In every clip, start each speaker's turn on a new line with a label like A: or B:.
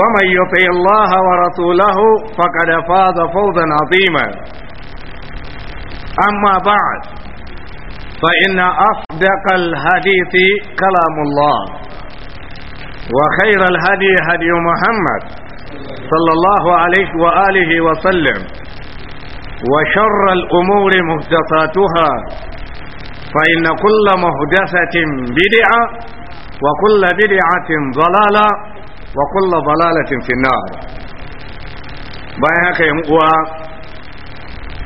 A: ومن يطع الله ورسوله فقد فاز فوزا عظيما أما بعد فإن أصدق الحديث كلام الله وخير الهدي هدي محمد صلى الله عليه وآله وسلم وشر الأمور مهدساتها فإن كل مهدسة بدعة وكل بدعة ضلالة wa kullu dalalatin fi nar bayan haka yan uwa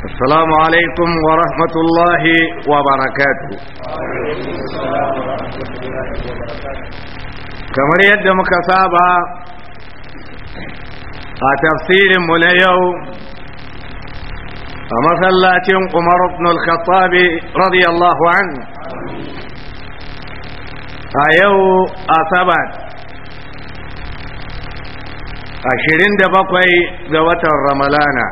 A: assalamu alaikum wa rahmatullahi wa barakatuh kamar yadda muka saba a tafsirin mu a masallacin umar ibn al-khattab radiyallahu anhu a yau asabar ashirin da bakwai ga watan ramalana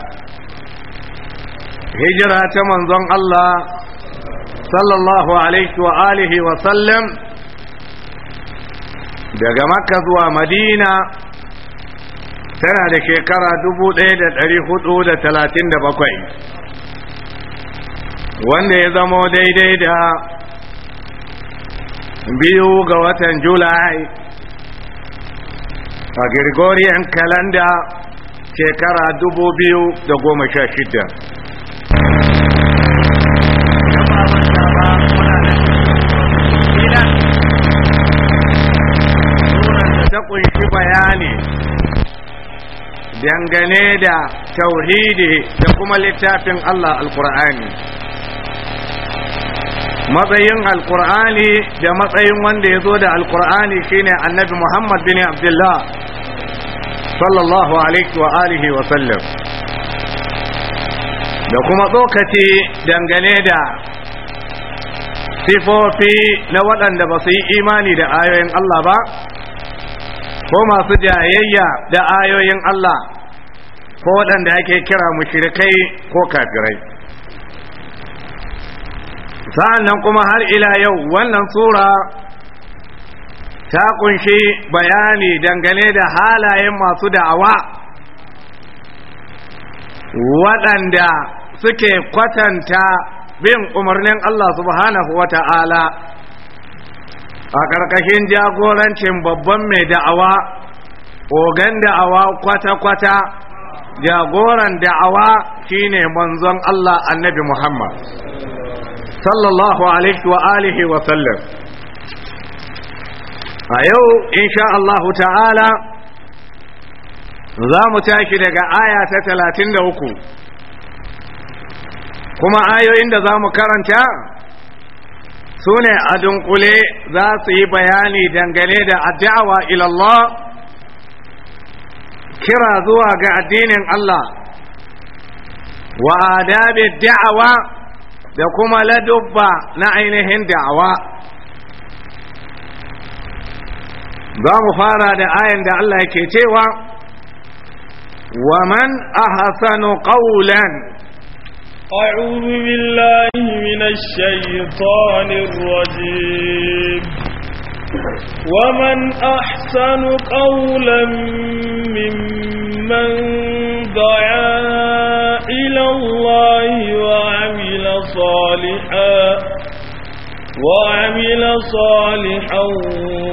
A: hijira ta manzon Allah sallallahu alaihi wa alihi wa sallam daga makka zuwa madina tana da shekara bakwai, wanda ya zamo daidai da biyu ga watan julai a gregorian calendar shekara da goma sha 2016 ta kunshi bayani dangane da tauhidi da kuma littafin Allah al-Qur'ani matsayin alkur'ani da matsayin wanda ya zo da al-Qur'ani shine annabi muhammad bin abdullah sallallahu alaihi wa alihi wa da kuma tsokaci dangane da sifofi na waɗanda ba su yi imani da ayoyin Allah ba ko masu jayayya da ayoyin Allah ko waɗanda ake kira mushrikai ko kafirai sa'an nan kuma har ila yau wannan sura ta kunshi bayani dangane da halayen masu da'awa waɗanda suke kwatanta bin umarnin Allah subhanahu wa ta'ala a ƙarƙashin jagorancin babban mai da'awa ogan da'awa kwata-kwata jagoran da'awa shine manzon Allah annabi Muhammad sallallahu alaihi wa alihi wa sallam a yau insha Allah ta'ala za mu tashi daga aya ta talatin da uku kuma ayoyin da za mu karanta su ne a dunkule za su yi bayani dangane da addawa ilallah kira zuwa ga addinin Allah wa adabin da'awa da kuma ladubba na ainihin da'awa zamu fara da ayan da Allah yake cewa wa man ahsanu qawlan
B: a'udhu billahi minash shaytanir rajim wa man ahsanu qawlan mimman da'a ila allahi wa 'amila salihan وعمل صالحا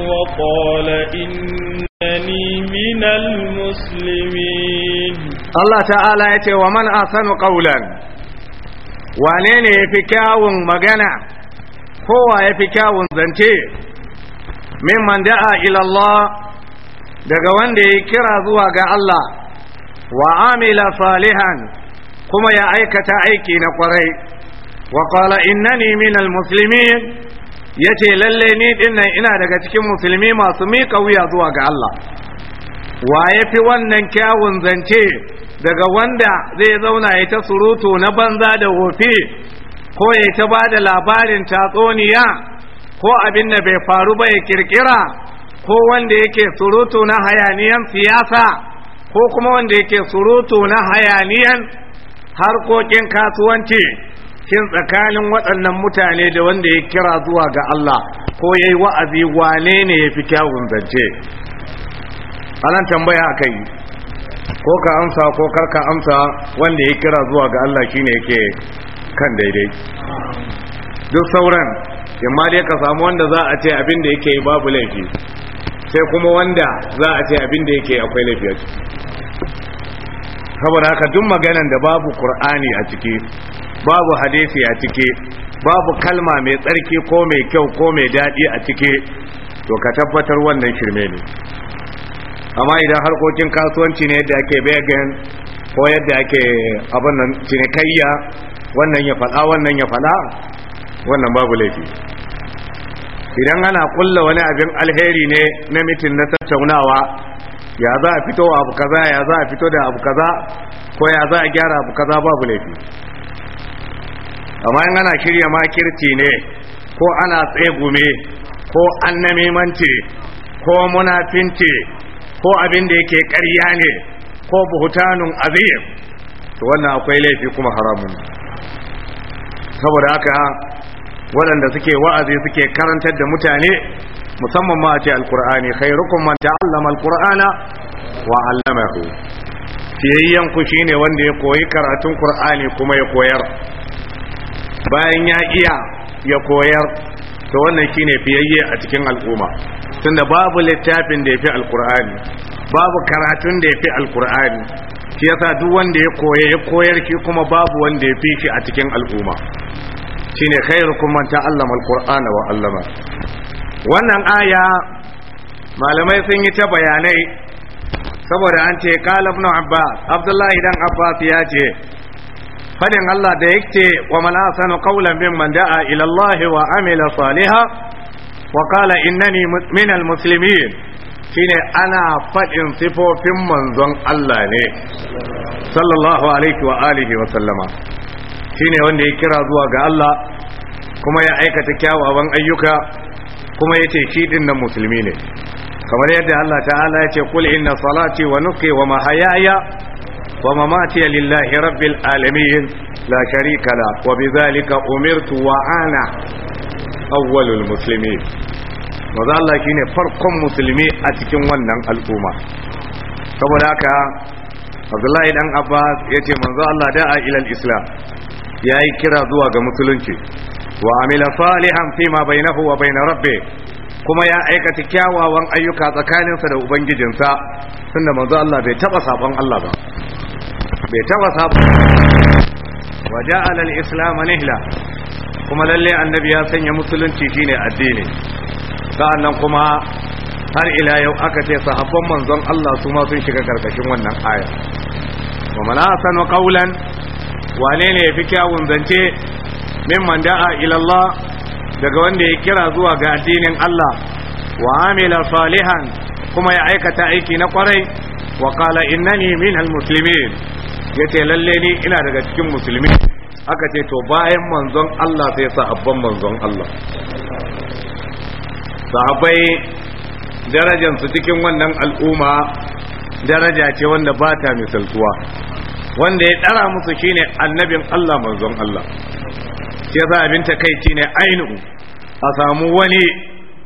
B: وقال إنني من
A: المسلمين الله تعالى يتي ومن أحسن قولا ولين يفكاو مغنى هو يفكاو زنتي ممن دعا إلى الله daga wanda ya kira zuwa ga Allah wa amila salihan kuma ya aikata aiki na kwarai wa qala innani minal muslimin yace lalle ni dinnan ina daga cikin musulmi masu miƙa wuya zuwa ga Allah wa yafi wannan kyawun zance daga wanda zai zauna ya ta surutu na banza da wofi ko ya ta ba da labarin tatsuniya ko abin da bai faru ba ya kirkira ko wanda yake surutu na hayaniyan siyasa ko kuma wanda yake surutu na hayaniyan harkokin kasuwanci shin tsakanin waɗannan mutane da wanda ya kira zuwa ga Allah ko ya yi wa'azi wane ne ya fi kyawun zance anan tambaya aka yi ko ka amsa ko karka amsa wanda ya kira zuwa ga Allah ne yake kan daidai duk sauran yamma dai ka samu wanda za a ce abin da yake babu laifi sai kuma wanda za a ce abin da yake akwai laifi a ciki saboda haka duk maganan da babu Kur'ani a ciki babu hadisi a cike, babu kalma mai tsarki ko mai kyau ko mai daɗi a cike, to ka tabbatar wannan shirme ne amma idan harkokin kasuwanci ne yadda ake Began, ko yadda ake abin nan cinikayya wannan ya faɗa wannan ya faɗa wannan babu laifi idan ana kulla wani abin alheri ne na mitin na tattaunawa ya za a fito abu kaza ya za a fito da abu kaza ko ya za a gyara abu kaza babu laifi amma in ana shirya makirci ne ko ana tsegume ko an namimanci ko munafinci ko abin da yake ƙarya ne ko buhutanun azim to wannan akwai laifi kuma haramun saboda haka waɗanda suke wa'azi suke karantar da mutane musamman ma a ce alkur'ani khairukum man ta'allama alkur'ana wa 'allamahu fiyayyan ku shine wanda ya koyi karatun qur'ani kuma ya koyar bayan ya iya ya koyar to wannan shine fiyayye a cikin al'umma tunda babu littafin da yafi alqur'ani babu karatun da yafi alqur'ani shi yasa duk wanda ya koya ya koyar ki kuma babu wanda yafi shi a cikin al'umma shine khairukum man ta'allama alqur'ana wa 'allama wannan aya malamai sun yi ta bayanai saboda an ce qala ibn abbas abdullahi dan abbas ya ce fadin Allah da yake wa man asana qawlan mimman da'a ila Allah wa amila salihan wa innani minal shine ana faɗin sifofin manzon Allah ne sallallahu alaihi wa alihi wa sallama shine wanda ya kira zuwa ga Allah kuma ya aikata kyawawan ayyuka kuma yace shi din nan musulmi ne kamar yadda Allah ta'ala yace kul inna salati wa nuki wa mahayaya ومماتي لله رب العالمين لا شريك له وبذلك أمرت وأنا أول المسلمين maza Allah shine farkon musulmi a cikin wannan al'umma saboda haka Abdullahi dan Abbas yace manzo Allah da'a ila ilal islam ya yi kira zuwa ga musulunci wa amila salihan fima bainahu wa bain rabbih kuma ya aikata kyawawan ayyuka tsakaninsa da ubangijinsa tunda manzo Allah bai taba sabon Allah ba bai taba sabon al-islam nihla kuma lalle annabi ya sanya musulunci shine addini sa'annan kuma har ila yau aka ce sahabban manzon Allah su ma sun shiga karkashin wannan aya wa man ahsanu qawlan wane ne yafi kyawun zance mimman da'a ila Allah daga wanda ya kira zuwa ga addinin Allah wa amila salihan kuma ya aikata aiki na kwarai wa qala innani minal muslimin yace lalle ni ina daga cikin musulmi aka ce to bayan manzon Allah sai sahabban manzon Allah sahabbai darajansu cikin wannan al'umma daraja ce wanda ba ta misaltuwa wanda ya ɗara musu shine annabin Allah manzon Allah shi abin takaici ne ainihu a samu wani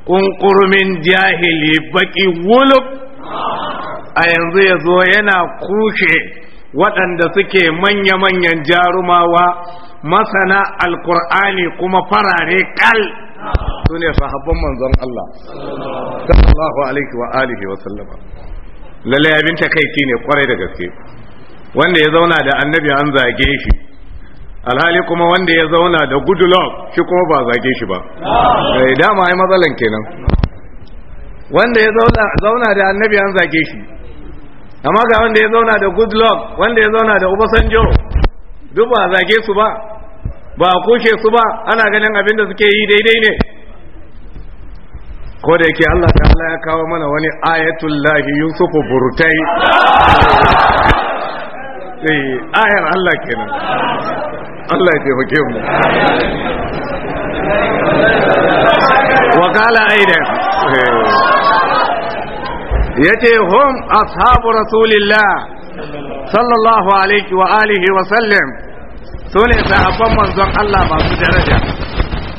A: ƙunƙurmin jahili baƙi wuluk a yanzu ya zo yana kushe waɗanda suke manya-manyan jarumawa masana alkur'ani kuma farare kal su ne sahabban manzon Allah sallallahu alaihi wa alihi wa sallama Lallai abin takaici ne kwarai da gaske wanda ya zauna da annabi an zage shi alhali kuma wanda ya zauna da good luck shi kuma ba zage shi ba
C: da eh,
A: dama ai matsalan kenan wanda ya zauna da annabi an zage shi amma ga wanda ya zauna da good luck wanda ya zauna da ubasanjo duk ba zage su ba ba a kushe su ba ana ganin abin da suke yi daidai ne ko da yake Allah ta Allah ya kawo mana wani ayatul lahi yusufu burtai eh, ayar Allah kenan Allah ya taimake mu wa qala aidan yace hum ashabu rasulillah sallallahu alaihi wa alihi wa sallam sune sahabban manzon Allah masu daraja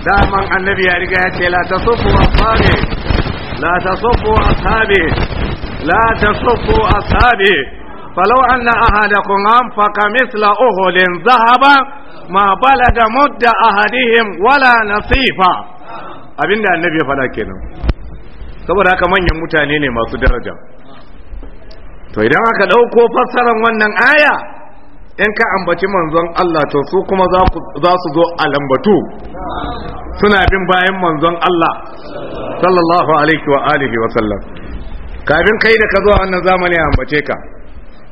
A: daman annabi ya riga ya ce la tasubbu ashabi la tasubbu ashabi la tasubbu ashabi فلو أن أحدكم أنفق مثل أهل ذهبا ما بلغ مد أحدهم ولا نصيفا abin النبي annabi ya faɗa kenan saboda haka manyan mutane ne masu daraja to idan aka ɗauko fassarar wannan aya in ka ambaci manzon Allah to su kuma za su zo a lambatu suna bin bayan manzon Allah sallallahu alaihi wa alihi wa sallam kafin kai da ka zo a wannan zamani a ambace ka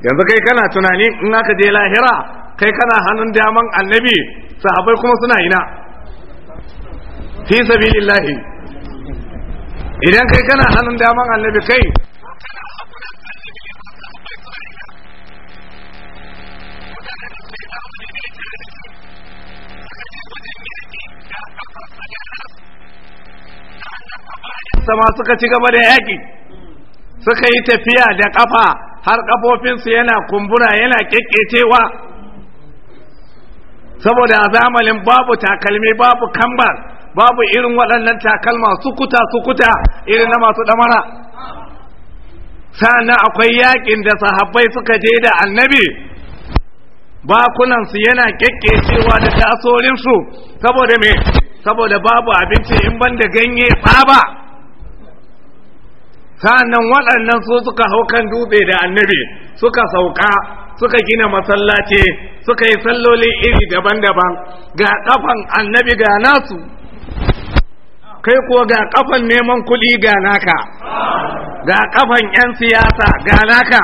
A: yanzu kai kana tunani in aka je lahira kai kana hannun daman annabi sahabbai kuma suna ina fi sabilillahi idan kai kana hannun daman annabi kai sama suka ci gaba da yaƙi suka yi tafiya da ƙafa har kafofinsu yana kumbura yana kekecewa saboda a zamanin babu takalmi babu kambar babu irin waɗannan takalma sukuta sukuta irin na masu ɗamara sa'annan akwai yakin da sahabbai suka je da annabi bakunansu yana kekecewa da tasorinsu saboda me saboda babu abinci in ban da ganye tsaba sa'annan waɗannan su suka hau kan dutse da annabi suka sauka suka gina masallaci suka yi salloli iri daban-daban ga kafan annabi ga nasu kai kuwa ga kafan neman kuɗi ga naka ga kafan 'yan siyasa ga naka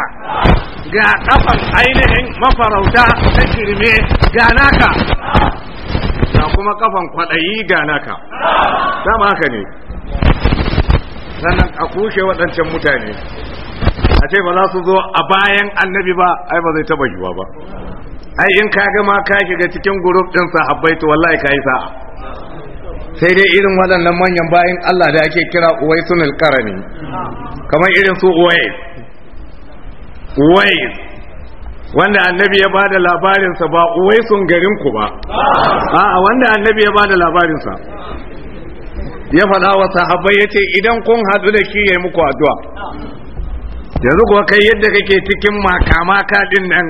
A: ga kafan ainihin mafarauta ta shirme ga naka ga kuma kafan kwaɗayi ga naka dama haka ne sannan a kushe waɗancan mutane a ce ba za su zo a bayan annabi ba ai ba zai taba yiwa ba ai in ka ga ma ka shiga cikin group din sahabbai to wallahi kai sa'a sai dai irin waɗannan manyan bayan Allah da ake kira uwai al-Qarani kamar irin su Uwai. uwai wanda annabi ya bada labarin sa ba Uwaisun garin ku ba a'a wanda annabi ya bada labarin sa ya faɗa wa sahabbai ya ce idan kun haɗu da shi ya yi muku addu'a yanzu kuwa kai yadda kake cikin makama kaɗin nan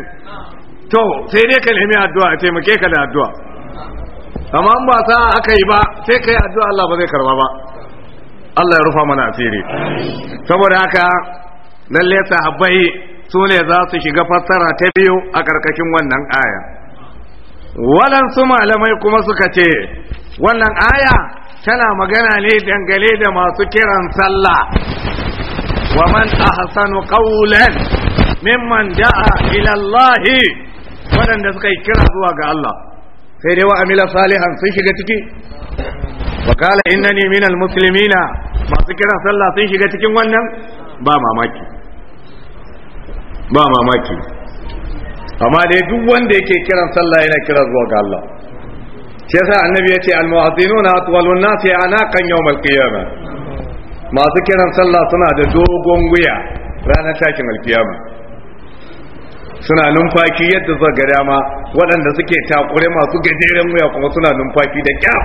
A: to sai dai ka nemi addu'a a taimake ka da addu'a amma an ba sa aka yi ba sai ka yi addu'a Allah ba zai karba ba Allah ya rufa mana asiri saboda haka lalle sahabbai su ne za su shiga fassara ta biyu a karkashin wannan aya waɗansu malamai kuma suka ce wannan aya tana magana ne dangane da masu kiran sallah wa man ahsanu qawlan mimman da'a ila Allah wadanda suka yi kira zuwa ga Allah sai dai wa amila salihan sun shiga ciki wa qala innani minal muslimina masu kiran sallah sun shiga cikin wannan ba mamaki ba mamaki amma dai duk wanda yake kiran sallah yana kira zuwa ga Allah shi yasa annabi yace almu'azzinuna atwalun nasi anaqan al-qiyama masu kiran sallah suna da dogon wuya ranar al-qiyama suna numfashi yadda zuwa ga dama waɗanda suke takure masu gajeren wuya kuma suna numfashi da kyau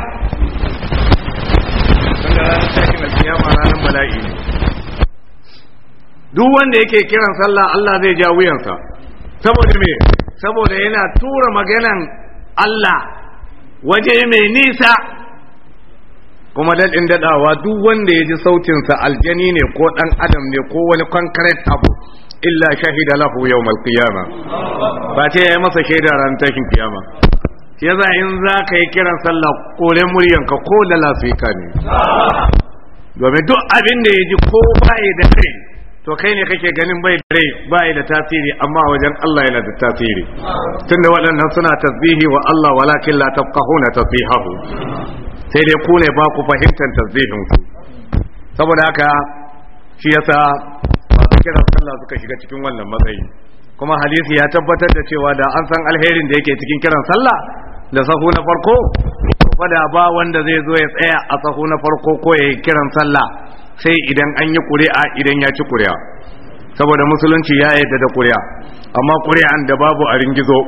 A: wanda ranar takin alkiyama ranar bala'i ne duk wanda yake kiran sallah Allah zai ja wuyansa saboda me saboda yana tura maganan Allah waje mai nisa kuma daɗin daɗawa duk wanda ya ji sautinsa aljani ne ko ɗan adam ne ko wani concrete abu illa shahida lahu yau malkiyama ba ce ya yi masa shaidar ran tashin kiyama shi yasa in za ka yi kiran sallah kore muryarka ko da lafika ne domin duk abin da ya ji ko baya da kai to kai ne kake ganin bai dare, rai ba da tasiri amma wajen Allah yana da tasiri tunda waɗannan suna tasbihi wa Allah walakin la tafqahuna tasbihahu sai dai ku ne ba ku fahimtar tasbihin ku saboda haka shi yasa masu kiran sallah suka shiga cikin wannan matsayi kuma hadisi ya tabbatar da cewa da an san alherin da yake cikin kiran sallah da sahu na farko fada ba wanda zai zo ya tsaya a sahu na farko ko ya kiran sallah sai idan an yi ƙuri'a idan ya ci ƙuri'a saboda musulunci ya yadda da ƙuri'a amma ƙuri'an da babu a ringizo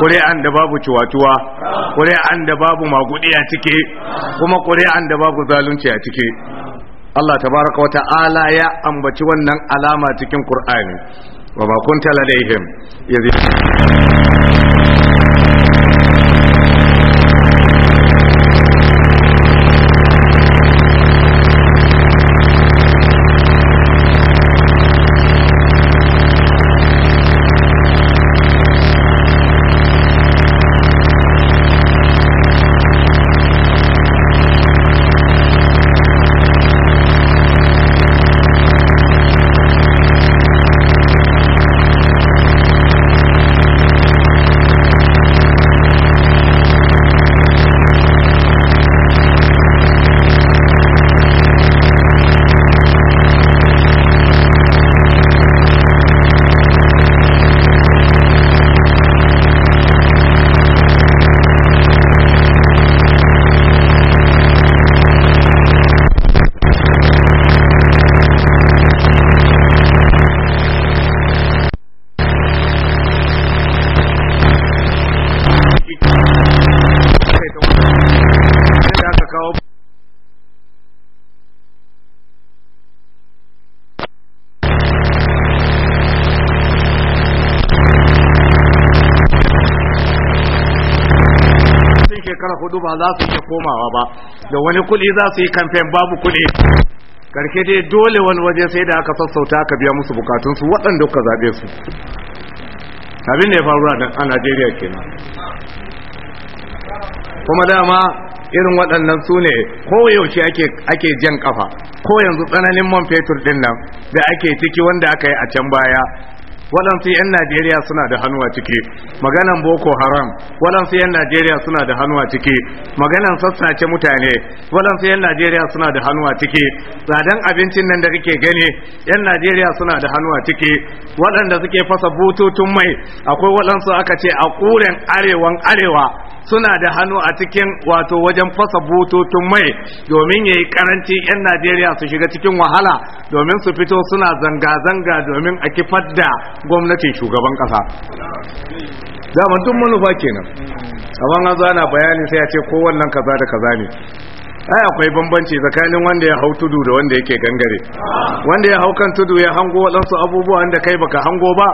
A: ƙuri'an da babu ciwatuwa ƙuri'an da babu maguɗi a ciki kuma ƙuri'an da babu zalunci a ciki Allah tabaraka wa ta'ala ya ambaci wannan alama cikin Qur'ani wa ba ba za su iya komawa ba da wani kuɗi za su yi kamfen babu kuɗi karke dai dole wani waje sai da aka sassauta aka biya musu bukatunsu waɗanda ka zaɓe su abin da ya faru a najeriya kenan kuma dama irin waɗannan su ne koyaushe ake jan ƙafa ko yanzu tsananin man fetur ɗin nan da ake ciki wanda aka yi a can baya waɗansu 'yan najeriya suna da hannu a ciki maganan boko haram waɗansu 'yan najeriya suna da hannu a ciki maganan sassace mutane waɗansu 'yan najeriya suna da hannu a ciki tsadan abincin nan da kake gani 'yan najeriya suna da hannu a ciki waɗanda suke fasa bututun mai akwai waɗansu aka ce a ƙuren arewan arewa suna da hannu a cikin wato wajen fasa bututun mai domin yayi karanci yan Najeriya su shiga cikin wahala domin su fito suna zanga-zanga domin a kifar da gwamnatin shugaban kasa zaman tun manufa kenan amma an zo ana bayani sai ya ce ko kaza da kaza ne ai akwai bambanci tsakanin wanda ya hau tudu da wanda yake gangare wanda ya hau kan tudu ya hango waɗansu abubuwa da kai baka hango ba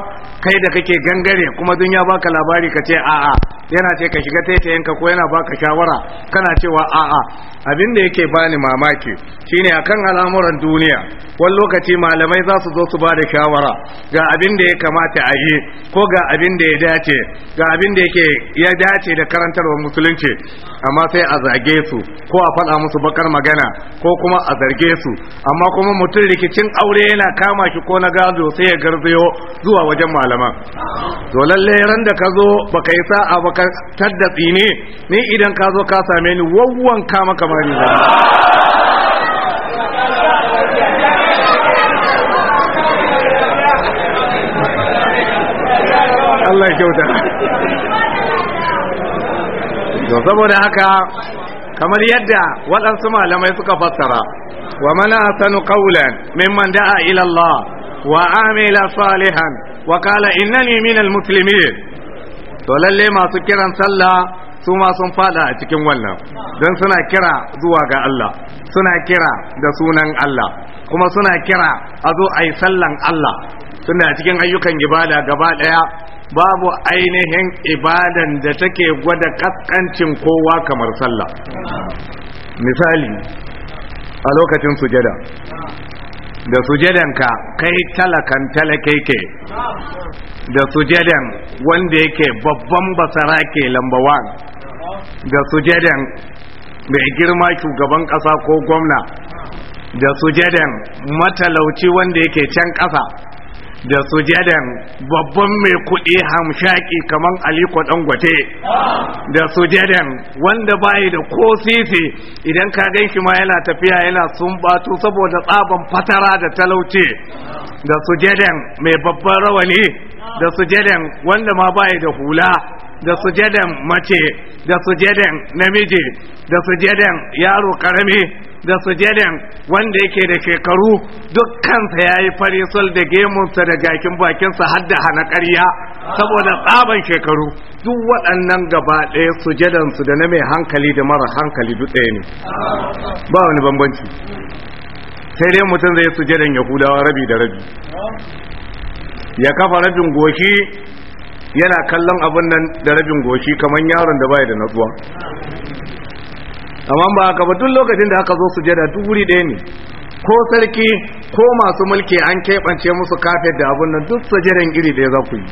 A: kai da kake gangare kuma dun ya baka labari ka ce a'a yana ce ka shiga taitayenka ko yana baka shawara kana cewa a'a abin da yake bani mamaki shine akan al'amuran duniya wani lokaci malamai za su zo su bada da shawara ga abin da ya kamata a yi ko ga abin da ya dace ga abin da yake ya dace da karantarwar musulunci amma sai a zage su ko a faɗa musu bakar magana ko kuma a zarge su amma kuma mutum rikicin aure yana kama shi ko na gado sai ya garzayo zuwa wajen malaman to lalle ran da ka zo baka yi sa'a baka tadda tsini ni idan ka zo ka same ni wawwanka maka الله يكوتا دو سبو دهكا كما ليدع والأسماء لما يسكى فترة ومن أسن قولا ممن دعا إلى الله وعمل صالحا وقال إنني من المسلمين تولى الله su ma sun fada a cikin wannan don suna kira zuwa ga Allah suna kira da sunan Allah kuma suna kira a zo a yi sallan Allah suna cikin ayyukan ibada gaba daya babu ainihin ibadan da take gwada kaskancin kowa kamar sallah misali a lokacin sujada da ka kai talakan talake ke da sujadan wanda yake babban basara ke lambawa da sujadan mai girma shugaban kasa ko gwamna da sujadan matalauci wanda yake can kasa. da sujadan babban mai kuɗi hamshaki kaman aliko dangote da sujadan wanda bayi da ko sisi idan ka gan shi ma yana tafiya yana sumbatu saboda tsaban fatara da talauci da sujadan mai babban rawani da sujadan wanda ma bayi da hula da sujadan mace da sujadan namiji da sujadan yaro karami da sujadan wanda yake da shekaru dukkansa ya yi sul da gemunsa da gakin bakinsa har da hana ƙarya saboda tsaban shekaru duk waɗannan gaba ɗaya sujadansu da na mai hankali da mara hankali duk ɗaya ne ba wani bambanci sai dai mutum zai sujadan yahudawa rabi da rabi ya kafa rabin goshi yana kallon abin nan da rabin goshi kamar yaron da baya da natsuwa amma ba haka ba duk lokacin da aka zo su jada duk wuri ɗaya ne ko sarki ko masu mulki an keɓance musu kafet da abin nan duk sajadan iri ɗaya za ku yi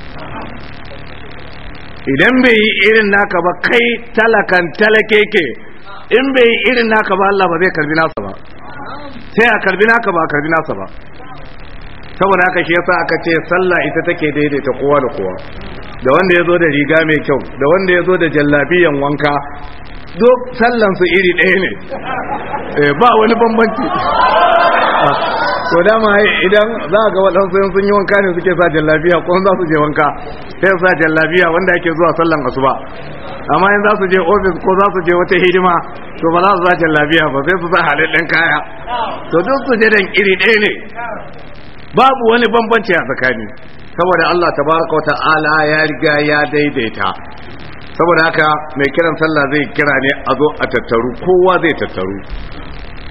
A: idan bai yi irin naka ba kai talakan talakeke in bai yi irin naka ba Allah ba zai karbi nasa ba sai a karbi naka ba a karbi nasa ba saboda haka shi yasa aka ce sallah ita take daidaita kowa da kowa da wanda ya zo da riga mai kyau da wanda ya zo da jallabiyan wanka duk sallansu iri ɗaya ne eh, ba wani bambanci to dama idan za ga waɗansu sun yi wanka ne suke sa jallabiya ko za su je wanka sai sa jallabiya wanda ake zuwa sallan asuba amma in za su je ofis ko za su je wata hidima to ba za su sa jallabiya ba sai su sa halittar kaya to duk su je dan iri ɗaya ne babu wani bambanci a tsakani saboda Allah tabaraka wa ta'ala ya riga ya daidaita saboda haka mai kiran sallah zai kira ne a zo a tattaru kowa zai tattaru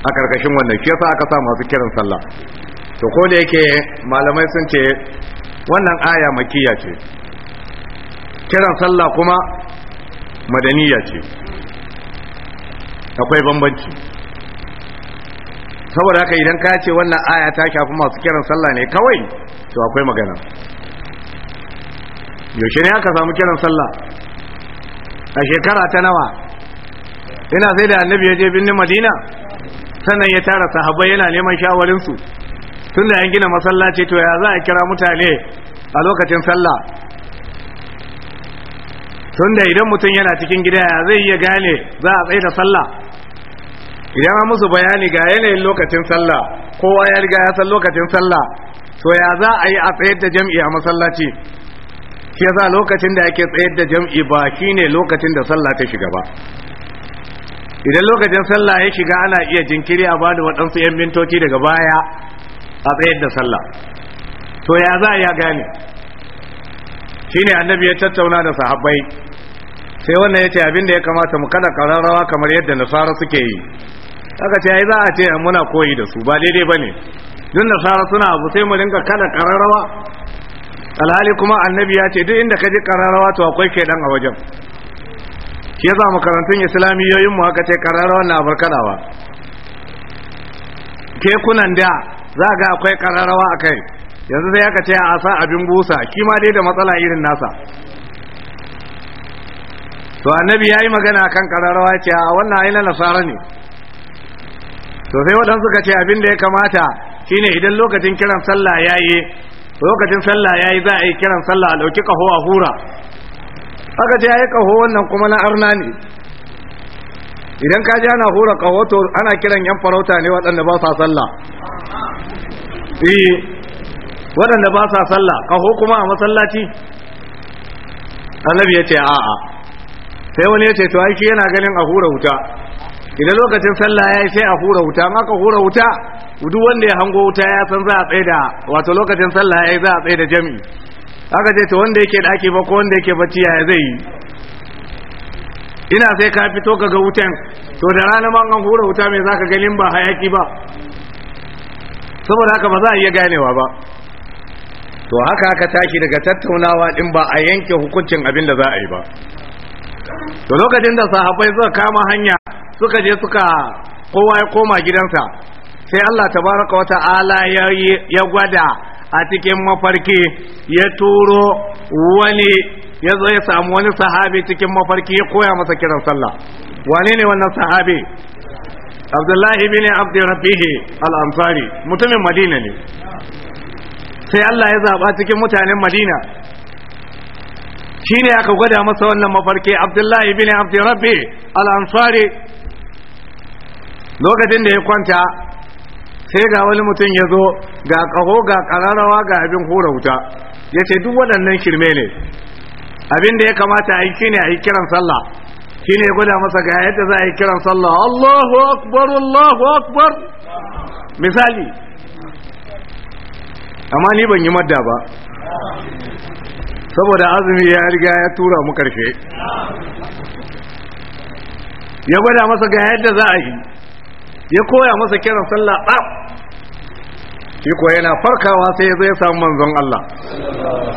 A: a karkashin wannan shi yasa aka sa masu kiran sallah to ko da yake malamai sun ce wannan aya makiyya ce kiran sallah kuma madaniya ce akwai bambanci saboda haka idan ka ce wannan aya ta shafi masu kiran sallah ne kawai to akwai magana yaushe ne aka samu kiran sallah a shekara ta nawa ina sai da annabi ya je birnin madina sannan ya tara sahabbai yana neman shawarinsu tun da yan gina masallaci to ya za a kira mutane a lokacin sallah tun da idan mutum yana cikin gida ya zai iya gane za a tsaye da sallah idan ma musu bayani ga yanayin lokacin sallah kowa ya riga ya san lokacin sallah to ya za a yi a tsayar da jam'i a masallaci shi yasa lokacin da yake tsayar da jam'i ba ne lokacin da sallah ta shiga ba idan lokacin sallah ya shiga ana iya jinkiri a bada waɗansu 'yan mintoci daga baya a tsayar da sallah to ya za ya gane shine annabi ya tattauna da sahabbai sai wannan ya ce abin da ya kamata mu kada kararrawa kamar yadda nasara suke yi aka ce ai za a ce muna koyi da su ba daidai bane dun nasara suna abu sai mu dinga kada kararrawa alhali kuma annabi ya ce duk inda ka ji kararawa to akwai kai dan a wajen shi makarantun islamiyoyin mu aka ce kararawa na barkadawa kunan da za ga akwai kararawa a kai yanzu sai aka ce a sa abin busa kima dai da matsala irin nasa to annabi ya yi magana kan kararawa ce a wannan ainihin nasara ne to sai waɗansu ka ce abin da ya kamata shine idan lokacin kiran sallah ya yi lokacin sallah ya yi za a yi kiran sallah a ɗauki kaho a hura aka ce ya yi ƙaho wannan kuma na arna ne idan ka ji ana hura ƙaho to ana kiran yan farauta ne waɗanda ba sa sallah eh waɗanda ba sa sallah ƙaho kuma a masallaci annabi ya ce a'a sai wani ya ce to ai yana ganin a hura wuta idan lokacin sallah ya yi sai a hura wuta maka hura wuta duk wanda ya hango wuta ya san za a tsaye da wato lokacin sallah ya yi za a tsaye da jami aka ce to wanda yake daki ba ko wanda yake bacci ya zai yi ina sai ka fito ka ga wutan to da rana ma an hura wuta mai zaka ganin ba hayaki ba saboda haka ba za a iya ganewa ba to haka aka taki daga tattaunawa din ba a yanke hukuncin abin da za a yi ba to lokacin da sahabbai suka kama hanya suka je suka kowa ya koma gidansa sai Allah tabaraka wa ta'ala ya gwada a cikin mafarki ya turo wani ya zo ya samu wani sahabi cikin mafarki ya koya masa kiran sallah wane ne wannan sahabi abdullahi bin abdi rabbihi al-ansari mutumin madina ne sai Allah ya zaba cikin mutanen madina shine aka gwada masa wannan mafarki abdullahi bin abdi rabbi al-ansari lokacin da ya kwanta sai ga wani mutum ya zo ga kaho ga kararrawa ga abin hura wuta ya ce duk waɗannan shirme ne abin da ya kamata a yi shi ne a yi kiran sallah shi ne gwada masa ga yadda za a yi kiran sallah allahu akbar allahu akbar misali amma ni ban yi madda ba saboda azumi ya riga ya tura mu karshe ya gwada masa ga yadda za a yi ya koya masa kiran sallah ɗar shi kuwa yana farkawa sai ya zo ya samu manzon Allah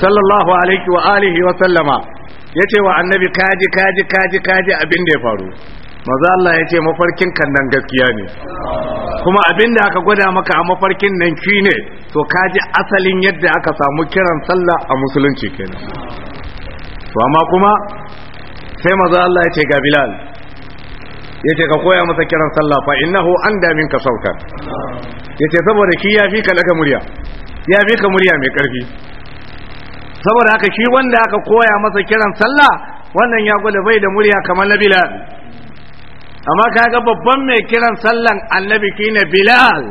A: sallallahu alaihi wa alihi wa sallama ya ce wa annabi kaji kaji kaji kaji abin da ya faru maza Allah ya ce mafarkin kan nan gaskiya ne kuma abin da aka gwada maka a mafarkin nan shi ne to kaji asalin yadda aka samu kiran sallah a musulunci kenan to amma kuma sai maza Allah ya ce ga Bilal yace ka koya masa kiran sallah fa innahu anda minka sautan yace saboda shi ya fi ka daga murya ya fi ka murya mai karfi saboda haka shi wanda aka koya masa kiran sallah wannan ya gwada bai da murya kamar na bilal amma kaga babban mai kiran sallan annabi shine bilal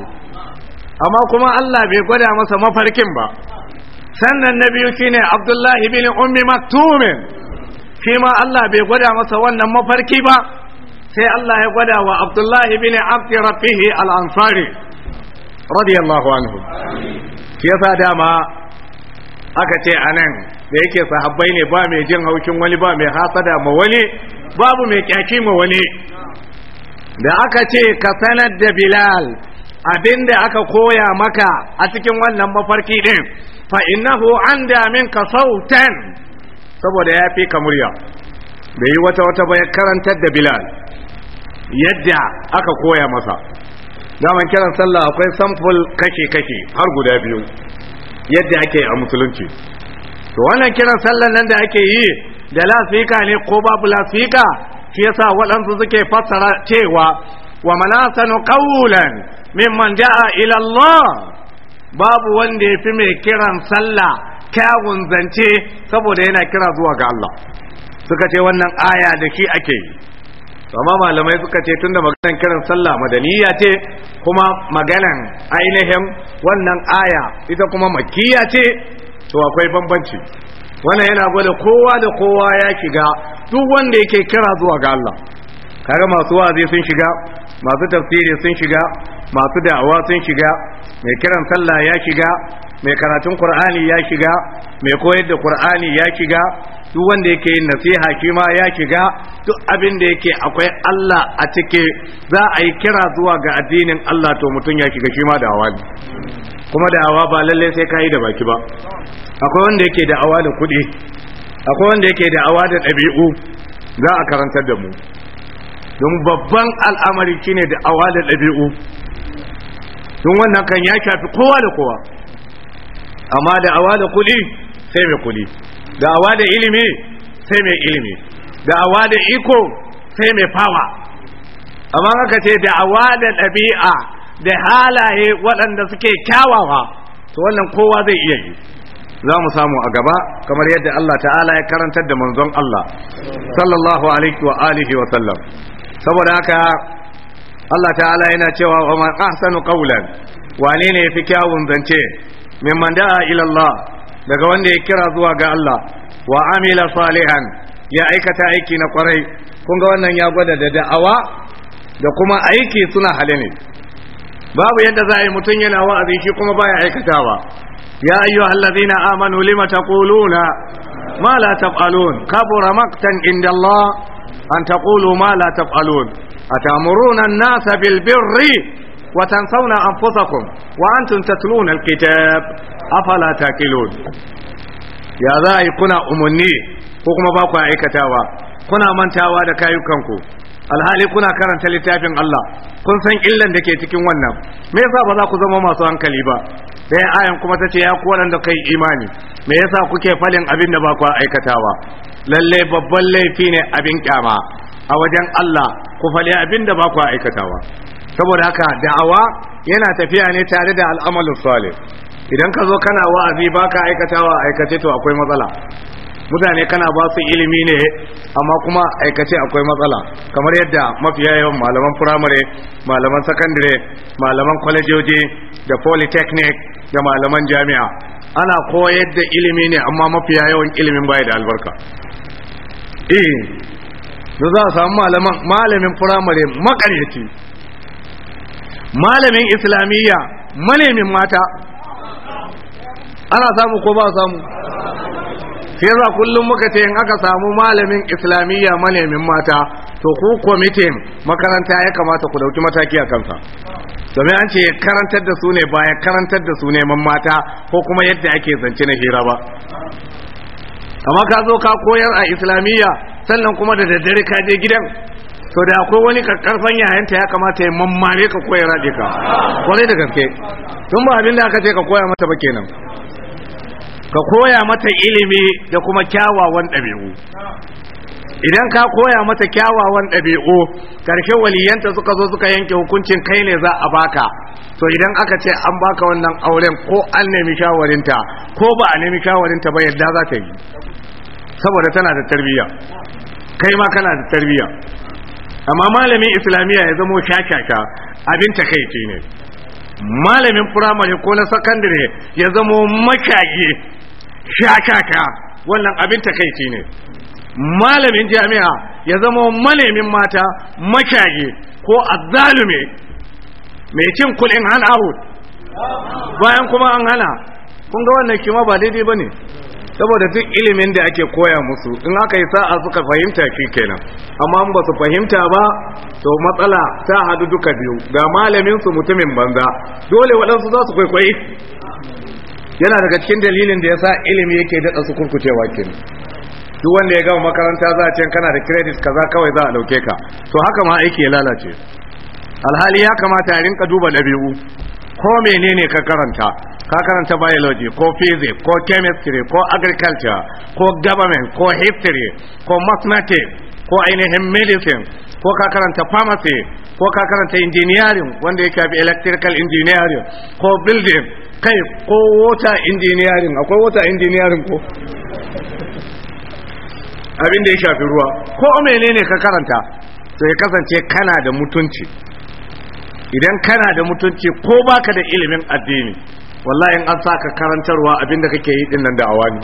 A: amma kuma Allah bai gwada masa mafarkin ba sannan na biyu shine abdullahi bin ummi maktumin shi ma Allah bai gwada masa wannan mafarki ba sai Allah ya gwada wa Abdullahi bin Abdi Rafihi al-Ansari radiyallahu anhu shi sa dama aka ce a nan da yake sahabbai ne ba mai jin haukin wani ba mai hasada ma wani babu mai kyaki ma wani da aka ce ka sanar da Bilal abinda aka koya maka a cikin wannan mafarki ɗin. fa innahu damin ka sautan saboda ya fi ka murya yi wata wata bayan karantar da Bilal yadda aka koya masa daman kiran sallah akwai samful kake-kake har guda biyu yadda ake a musulunci to wannan kiran sallah nan da ake yi da lafika ne ko babu lafika shi yasa waɗansu suke fassara cewa wa manasanu qawlan mimman jaa ila Allah babu wanda ya fi mai kiran sallah kyawun zance saboda yana kira zuwa ga Allah suka ce wannan aya da shi ake yi amma malamai suka ce tun da maganan kiran sallah madaniya ce kuma maganan ainihin wannan aya ita kuma makiya ce to akwai bambanci wannan yana gwada kowa da kowa ya shiga duk wanda yake kira zuwa ga Allah kaga masu wazi sun shiga masu tafsiri sun shiga masu da'awa sun shiga mai kiran sallah ya shiga mai karatun qur'ani ya shiga mai koyar da qur'ani ya shiga duk wanda yake yin nasiha shi ma ya shiga duk abin da yake akwai Allah a cike za a yi kira zuwa ga addinin Allah to mutum ya shiga shi ma da'awa ne kuma da'awa ba lalle sai ka yi da baki ba akwai wanda yake da'awa da kuɗi akwai wanda yake da'awa da ɗabi'u za a karantar da mu don babban al'amari shine da'awa da ɗabi'u don wannan kan ya shafi kowa da kowa amma da'awa da kuɗi sai mai kuɗi da'awa da ilimi sai mai ilimi da'awa da iko sai mai fawa amma aka ce da'awa da ɗabi'a da halaye waɗanda suke kyawawa to wannan kowa zai iya yi za mu samu a gaba kamar yadda Allah ta'ala ya karantar da manzon Allah sallallahu alaihi wa alihi wa sallam saboda haka Allah ta'ala yana cewa wa man ahsanu qawlan wa ne fi kyawun zance mimman da'a ila Allah daga wanda ya kira zuwa ga Allah wa amila salihan ya aikata aiki na kwarai kun ga wannan ya gwada da da'awa da kuma aiki suna hali ne babu yadda za a yi mutum yana wa'azi shi kuma baya aikatawa ya ayyu allazina amanu lima taquluna ma la taf'alun kabura maktan inda Allah an taqulu ma la taf'alun atamuruna an-nasa bil birri وتنسون أنفسكم وأنتم تتلون الكتاب أفلا تاكلون يا ذاي كنا أمني وكما باكو أيكتاوا كنا من da دكايوكنكو alhali kuna karanta littafin Allah kun san illan da ke cikin wannan me yasa ba za ku zama masu hankali ba sai ayan kuma ce ya ku wanda kai imani me yasa kuke falin abin da ba ku aikatawa lalle babban laifi ne abin kyama a wajen Allah ku fali abin da ba ku aikatawa saboda haka da'awa yana tafiya ne tare da al'amalin salih idan ka zo kana wa'azi baka aikatawa aikace to akwai matsala mutane kana ba su ilimi ne amma kuma aikace akwai matsala kamar yadda mafiya yawan malaman firamare malaman sakandare malaman kwalejoji da polytechnic da malaman jami'a ana koyar da ilimi ne amma mafiya yawan ilimin baya da albarka eh za a samu malamin firamare makaryaci malamin islamiyya manemin mata ana samu ko ba samu sai yasa kullum muka ce in aka samu malamin islamiyya manemin mata to ku kwamitin makaranta ya kamata ku dauki mataki a kansa domin an ce karantar da su ne bayan karantar da su neman mata ko kuma yadda ake zance na hira ba amma ka zo ka koyar a islamiyya sannan kuma da daddare ka je gidan to da akwai wani karfan yayanta ya kamata ya mammare ka koya rade ka kwarai da gaske tun ba abin da aka ce ka koya mata ba kenan ka koya mata ilimi da kuma kyawawan ɗabi'u idan ka koya mata kyawawan ɗabi'u karshe waliyanta suka zo suka yanke hukuncin kai ne za a baka to idan aka ce an baka wannan auren ko an nemi shawarinta ko ba a nemi shawarinta ba yadda za ta yi saboda tana da tarbiyya kai ma kana da tarbiyya amma malamin islamiyya ya zamo shakaka abin takaici ne malamin firamare ko na sakandare ya zamo makage shakaka wannan abin takaici ne malamin jami'a ya zamo malamin mata makage ko azzalume mai cin kulin hal bayan kuma an hana kun ga wannan kima ba daidai ba ne saboda duk ilimin da ake koya musu in aka yi sa'a suka fahimta shi kenan amma in ba su fahimta ba to matsala ta hadu duka biyu ga malamin su mutumin banza dole waɗansu za su kwaikwayi yana daga cikin dalilin da yasa ilimi yake daɗa su kurkucewa kenan duk wanda ya gama makaranta za a ce kana da credit kaza kawai za a dauke ka to haka ma aiki ya lalace alhali ya kamata a rinka duba ɗabi'u ko menene ka karanta ka karanta biology ko physics ko chemistry ko agriculture ko government ko history ko mathematics ko ainihin medicine ko ka karanta pharmacy ko ka karanta engineering wanda yake bi electrical engineering ko building kai ko water engineering akwai water engineering ko abin da ya shafi ruwa ko menene ka karanta to ya kasance kana da mutunci idan kana da mutunci ko baka da ilimin addini wallahi in an saka karantarwa abinda kake yi din nan da awani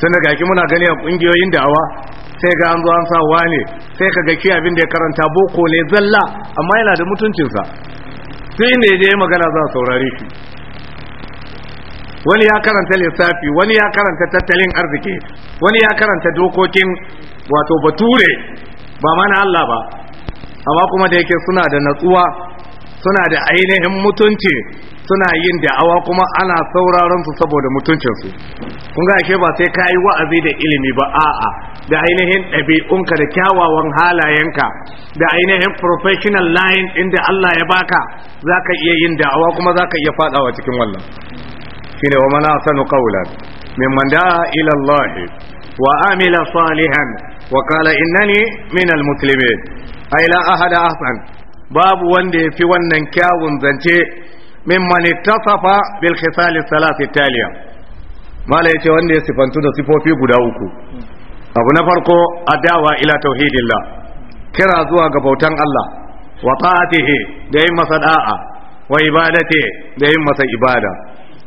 A: sai daga ki muna gani a kungiyoyin da'awa sai ga an zo an sa wane sai ka ga ki abin da ya karanta boko ne zalla amma yana da mutuncinsa sai ne je magana za saurare shi wani ya karanta lissafi wani ya karanta tattalin arziki wani ya karanta dokokin wato bature ba mana Allah ba amma kuma da yake suna da natsuwa suna da ainihin mutunci suna yin da'awa kuma ana sauraron su saboda mutuncinsu kun ga ke ba sai ka yi wa'azi da ilimi ba a'a da ainihin ɗabi'unka da kyawawan halayenka da ainihin professional line inda Allah ya baka za ka iya yin da'awa kuma za ka iya faɗawa cikin wannan shi ne wa mana sanu mimman da'a ila Allah wa amila salihan وقال إنني من المسلمين أي لا أحد أحسن باب وندي في ونن كاون زنتي ممن اتصف بالخصال الثلاث التالية ما لا يتي وندي سفنتو دا سفوفي قد أوكو أبو نفرقو أدعوة إلى توحيد الله كرا زوا قبوتان الله وطاعته دائما مسدعاء وعبادته دائما إبادة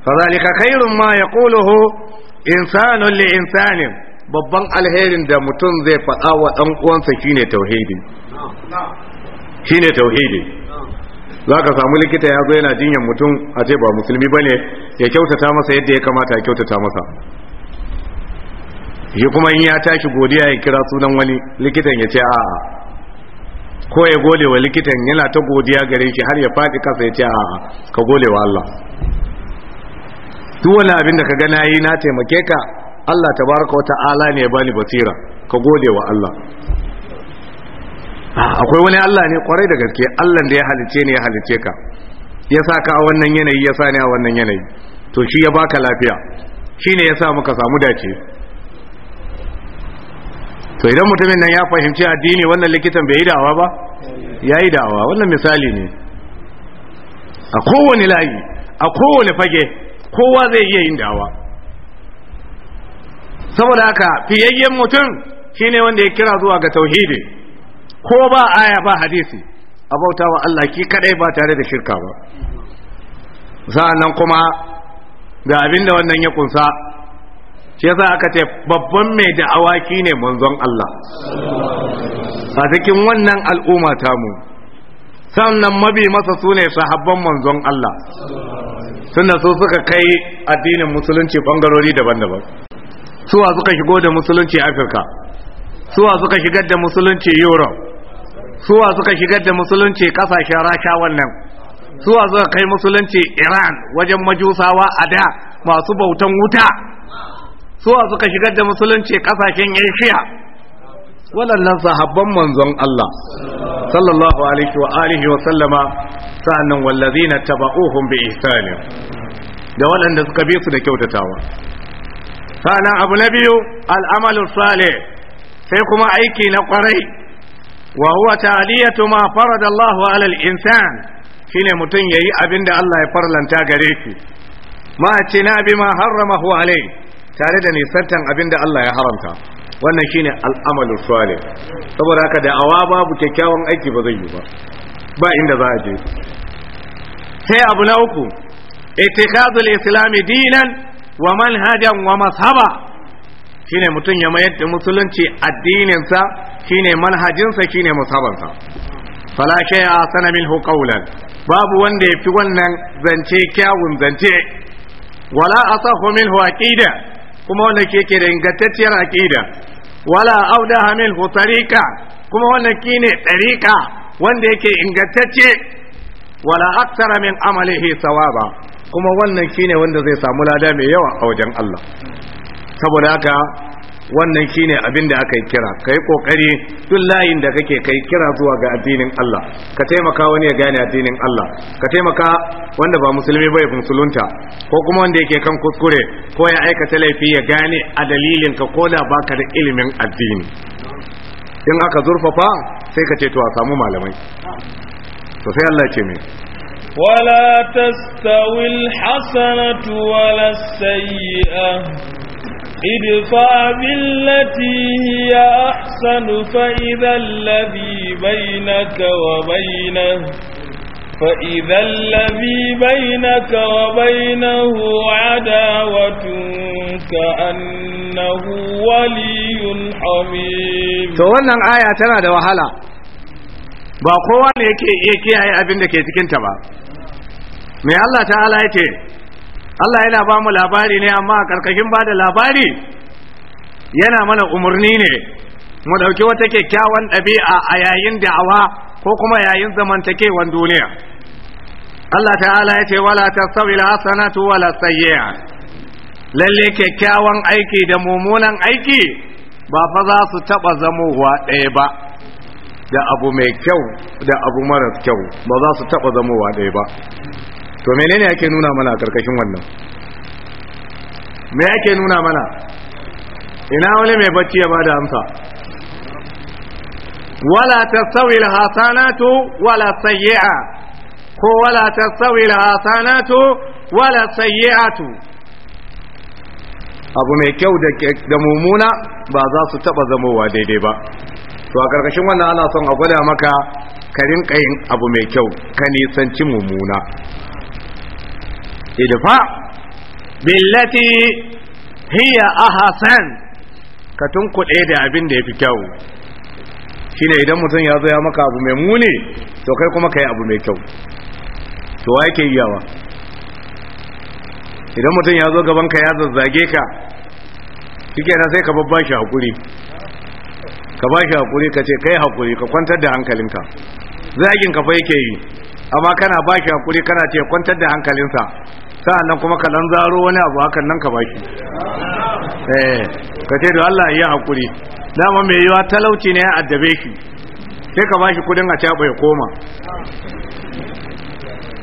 A: فذلك خير ما يقوله إنسان لإنسان babban alherin da mutum zai faɗa wa ɗan uwansa shine tauhidi shine tauhidi za ka samu likita ya zo yana jinyar mutum a ce ba musulmi ba ne ya kyautata masa yadda ya kamata ya kyautata masa shi kuma in ya tashi godiya ya kira sunan wani likitan ya ce a ko ya gode wa likitan yana ta godiya gare shi har ya faɗi kasa ya ce a ka gode wa Allah duk wani abin da ka gana yi na taimake ka Allah ta wata ala ne ya bani basira ka gode wa Allah ah, akwai wani Allah ne kwarai da gaske Allah da ya halice ne ya halice ka ya sa ka a wannan yanayi ya sa ne a wannan yanayi to shi ya baka lafiya shi ne ya sa muka samu dace to idan mutumin nan ya fahimci addini wannan likitan bai yi da'awa ba ya yi da'awa wannan misali ne a kowane layi a kowane fage kowa zai iya yin dawa saboda haka fiyayyen mutum shine wanda ya kira zuwa ga tauhidi ko ba aya ba hadisi a bauta wa Allah ki kadai ba tare da shirka ba sa'annan kuma ga abin da wannan ya kunsa shi yasa aka ce babban mai da'awa ne manzon Allah a cikin wannan al'umma tamu sannan mabi masa sune sahabban manzon Allah sunna su suka kai addinin musulunci bangarori daban-daban suwa suka shigo da musulunci afirka suwa suka shigar da musulunci europe suwa suka shigar da musulunci kasashen rasha wannan suwa suka kai musulunci iran wajen majusawa a da masu bautan wuta suwa suka shigar da musulunci kasashen asia waɗannan sahabban manzon Allah sallallahu alaihi wa alihi wa sallama sa'annan wallazina taba'uhum bi ihsan da waɗanda suka bi su da kyautatawa sannan abu na biyu al'amalin salih sai kuma aiki na kwarai wa huwa ta'aliyatu ma farada Allahu alal insan shine mutum yayi abinda Allah ya farlanta gare shi ma na bi ma harramahu alai tare da nisantan abinda Allah ya haramta wannan shine al'amalu sale saboda haka da awa babu kyakkyawan aiki ba zai yi ba ba inda za a je sai abu na uku itikadul islami dinan wa manhajan wa mashaba shine mutum ya mayar da musulunci addininsa shine manhajinsa shine musabansa fala ya sana minhu qawlan babu wanda yafi wannan zance kyawun zance wala asahu minhu aqida kuma wanda yake da ingantacciyar aqida wala audaha minhu tariqa kuma wanda kine tariqa wanda yake ingantacce wala aktsara min amalihi sawaba kuma wannan shine wanda zai samu lada mai yawa a wajen Allah saboda haka wannan shine abin da aka yi kira kai kokari duk layin da kake kai kira zuwa ga addinin Allah ka taimaka wani ya gane addinin Allah ka taimaka wanda ba musulmi ba ya musulunta ko kuma wanda yake kan kuskure ko ya aikata laifi ya gane a dalilin ka ko da baka da ilimin addini in aka zurfafa sai ka ce to a samu malamai to sai Allah ce mai
B: ولا تستوي الحسنة ولا السيئة ادفع بالتي هي أحسن فإذا الذي بينك وبينه فإذا الذي بينك وبينه عداوة كأنه ولي حميم
A: to wannan aya tana da wahala يكي kowa أبنك يتكنت بها mai Allah ta'ala yake Allah yana ba mu labari ne amma a karkashin ba da labari yana mana umarni ne mu ɗauki wata kyakkyawan ɗabi'a a yayin da'awa ko kuma yayin zamantakewan duniya Allah ta'ala ya ce wala ta tasawi hasanatu wala sayyi'a lalle kyakkyawan aiki da mummunan aiki ba fa za su taba zamowa ɗaya ba da abu mai kyau da abu maras kyau ba za su taba zamowa ɗaya ba to menene yake nuna mana a karkashin wannan me yake nuna mana ina wani mai bacci ya bada amsa wala tasawi alhasanatu wala sayi'a ko wala tasawi alhasanatu wala sayi'atu abu mai kyau da mummuna ba za su taba zamowa daidai ba to a karkashin wannan ana son a gwada maka ka kayin yin abu mai kyau ka nisanci mummuna idfa billati hiya ahsan ka tunkuɗe da abin da yafi kyau shine idan mutum ya zo ya maka abu mai muni to kai kuma kai abu mai kyau to wa yake yawa idan mutum ya zo gaban ka ya zazzage ka shike na sai ka babba shi hakuri ka ba shi hakuri ka ce kai hakuri ka kwantar da hankalinka zagin ka fa yake yi amma kana ba shi hakuri kana ce kwantar da hankalinsa sa'annan kuma ka dan zaro wani abu hakan nan ka baki eh ka ce da Allah ya hakuri dama mai yiwa talauci ne ya addabe ki sai ka bashi kudin a caba ya koma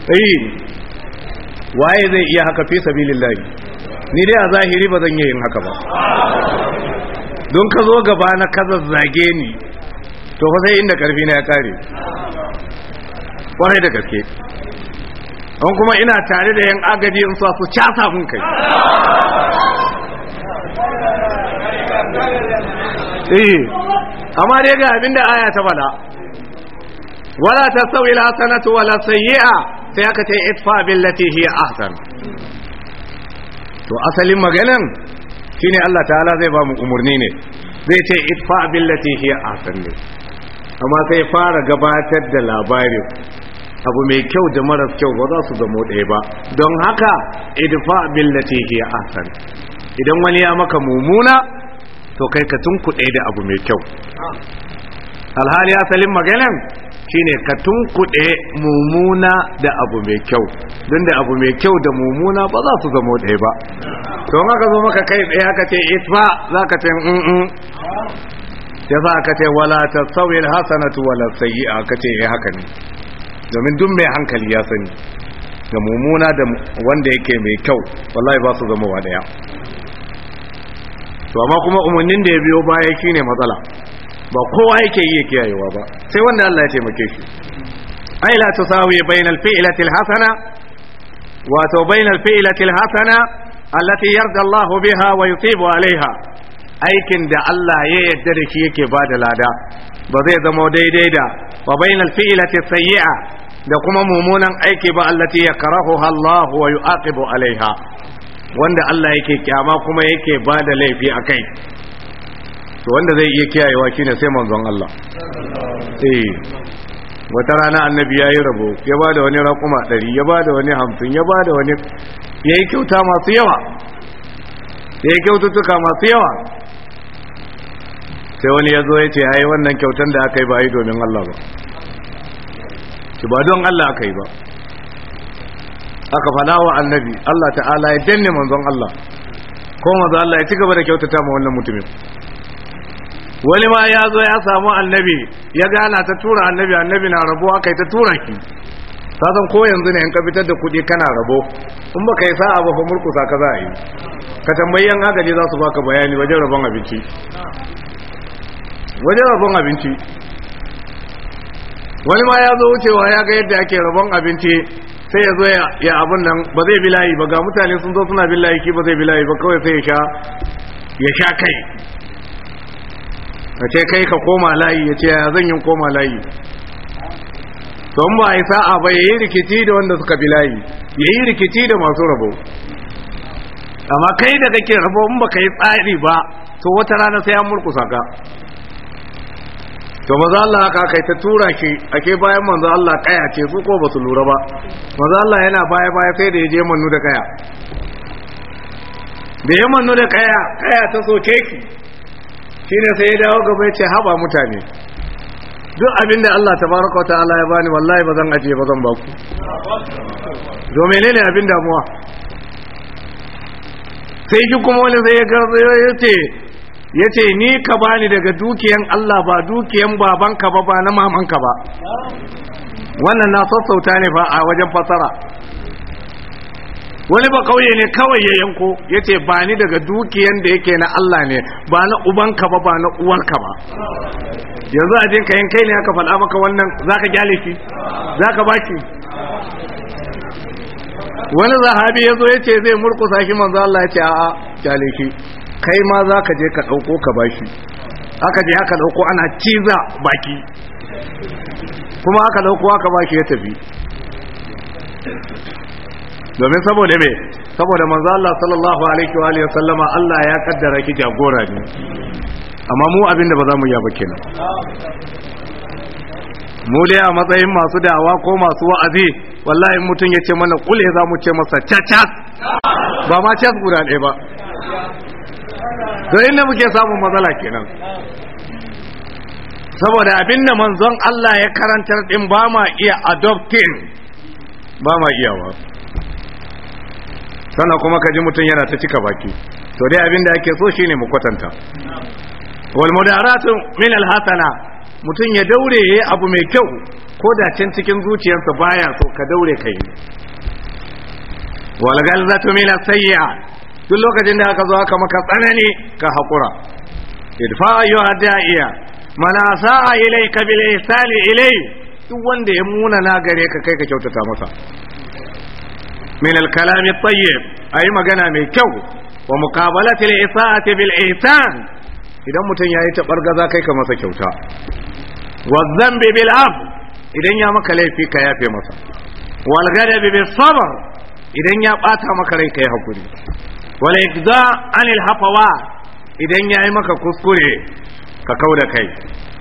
A: eh waye zai iya haka fi sabilillah ni dai a zahiri ba zan yin haka ba don ka zo gaba na kaza zage ni to fa sai inda karfi na ya kare kwarai da gaske don kuma ina tare da yan agaji in su casa mun kai eh, amma dai ga abinda aya ta bada wala ta sauyi sanatu wala sayi'a sai aka ce itfa billati hi ahsan to asalin maganan shine Allah ta'ala zai ba mu umurni ne zai ce itfa billati hi ahsan ne amma sai fara gabatar da labarin abu mai kyau da maras kyau ba za su zamo ɗaya ba don haka idfa billati hi ahsan idan wani ya maka mumuna to kai ka tunkuɗe da abu mai kyau alhali asalin maganan shine ka tunkuɗe mumuna da abu mai kyau don da abu mai kyau da mumuna ba za su zamo ɗaya ba don haka zo maka kai ɗaya haka ce isfa za ka ce mm ya za ka ce wala ta sauyin hasanatu wala sayi ka ce ya eh, haka ne domin duk mai hankali ya sani ga mummuna da wanda yake mai kyau wallahi ba su zama daya to amma kuma umarnin da ya biyo baya shine matsala ba kowa yake iya kiyayewa ba sai wanda Allah ya taimake shi ai la tusawi bainal fi'lati alhasana bainal fi'lati alhasana allati yarda Allahu biha wa yutibu alaiha aikin da Allah ya yarda da shi yake bada lada ba zai zama daidai da wa bainal fi'lati sayyi'a da kuma mummunan aiki ba allati yakrahuha Allah wa yu'aqibu alaiha wanda Allah yake kyama kuma yake bada laifi akai to wanda zai iya kiyayewa kina, sai manzon Allah eh wata rana annabi ya yi rabo ya bada wani raƙuma ɗari ya bada wani hamsin ya bada wani ya yi kyauta masu yawa ya yi kyaututtuka masu yawa sai wani ya zo ya ce ai wannan kyautan da aka yi ba yi domin Allah ba ki ba don Allah aka yi ba aka fada wa annabi Allah ta'ala ya danne manzon Allah ko manzo Allah ya ci gaba da kyautata ma wannan mutumin wani ma ya zo ya samu annabi ya gana ta tura annabi annabi na rabo aka yi ta tura ki sasan ko yanzu ne in ka fitar da kuɗi kana rabo in baka yi sa'a ba fa murkusa ka za a yi ka tambayi yan agaji za su baka bayani wajen rabon abinci wajen rabon abinci wani ma ya zo wucewa ya ga yadda ake rabon abinci sai ya zo ya abin nan ba zai bi layi ba ga mutane sun zo suna bin ki ba zai bi layi ba kawai sai ya sha kai a ce kai ka koma layi ya ce ya zan yin koma layi don ba yi sa'a ba ya yi rikici da wanda suka bi layi ya yi rikici da masu rabo amma kai da kake rabo in ba ka yi tsari ba to wata rana sai an murkusa ka to maza Allah haka kai ta tura ki ake bayan manzo Allah kaya ce su ko basu lura ba maza Allah yana baya baya sai da ya je mannu da kaya da ya mannu da kaya kaya ta soke ki shine sai ya dawo gaba ya ce haba mutane duk abin da Allah tabaraka wa ta'ala ya bani wallahi bazan zan aje ba zan baku do menene abin damuwa sai ki kuma wani sai ya garzo ya ce ya ce ni ka bani daga dukiyan Allah ba dukiyan babanka ba ba na mamanka ba wannan na sassauta ne ba a wajen fasara wani ba kauye ne kawai ya yanko ya ce ba ni daga dukiyan da yake na Allah ne ba na ubanka ba ba na uwarka ba yanzu a jinka yin kai ne aka faɗa maka wannan za ka gyale shi za ka shi wani zahabi ya zo ya ce zai murkusa shi manzo Allah ya ce a'a gyale shi kai ma za ka je ka ɗauko ka bashi aka je aka ɗauko ana ciza baki kuma aka ɗauko aka bashi ya tafi domin saboda me saboda manzo Allah sallallahu alaihi wa alihi sallama Allah ya kaddara ki jagora ne amma mu abinda ba za mu yi ba kenan mu dai a matsayin masu da'awa ko masu wa'azi wallahi mutum ya ce mana kule za mu ce masa cacas ba ma cas guda ɗaya ba to inda muke samun matsala kenan saboda abin da manzon Allah ya karantar din ba ma iya adopting ba ma ba sannan kuma ka ji mutum yana ta cika baki to dai abinda da ake so shine mu kwatanta wal mudaratu min al mutum ya daure yayi abu mai kyau ko da can cikin zuciyarsa baya so ka daure kai wal galzatu min as tun lokacin da aka zo aka maka tsanani ka haƙura idfa ayyuha da'iya mana sa'a ilayka bil ihsani ilay duk wanda ya muna na gare ka kai ka kyautata masa min al kalam at tayyib ayi magana mai kyau wa muqabalati al isaati bil ihsan idan mutum yayi tabargaza kai ka masa kyauta wa dhanbi bil af idan ya maka laifi ka yafe masa wal ghadabi bis sabr idan ya bata maka rai kai hakuri wala za anil hafawa idan yi maka kuskure ka kauda kai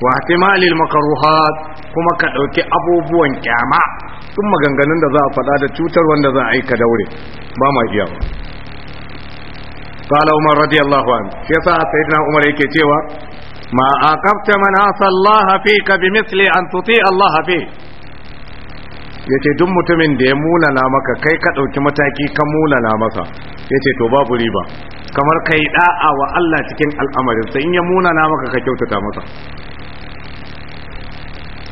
A: wa ihtimalil makaruha kuma ka ɗauki abubuwan kyama sun maganganun da za a faɗa da cutar wanda za a yi ka daure ba ma iya ba qala umar radiyallahu anhu yasa sayyidina umar yake cewa ma aqabta man hafi ka bi bimithli an tuti Allah hafi. yace duk mutumin da ya munana maka kai ka ɗauki mataki ka munana maka ce to babu riba kamar kai ɗa'a wa Allah cikin al'amarin sai in ya munana maka ka kyautata masa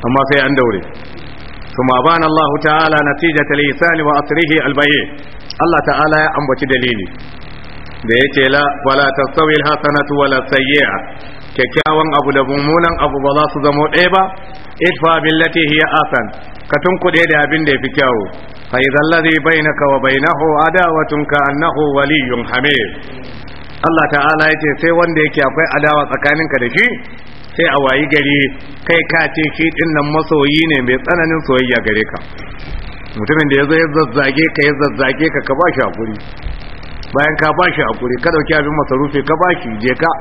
A: amma sai an daure ثم أبان الله تعالى wa الإيثان وأثره Allah ta'ala ya ambaci dalili. da ya ce la wala tasawil hasanatu wala sayyi'a kyakkyawan abu da mummunan abu ba za su zamo ɗaya ba idfa billati hiya asan ka tunkuɗe da abin da ya fi kyau fa idza allazi bainaka wa bainahu adawatun ka annahu waliyyun hamid Allah ta'ala yace sai wanda yake akwai adawa tsakaninka da shi sai a wayi gari kai ka ce shi din masoyi ne mai tsananin soyayya gare ka mutumin da yazo zo ya zazzage ka ya zazzage ka ka bashi hakuri bayan ka bashi hakuri ka dauki abin masarufi ka bashi je ka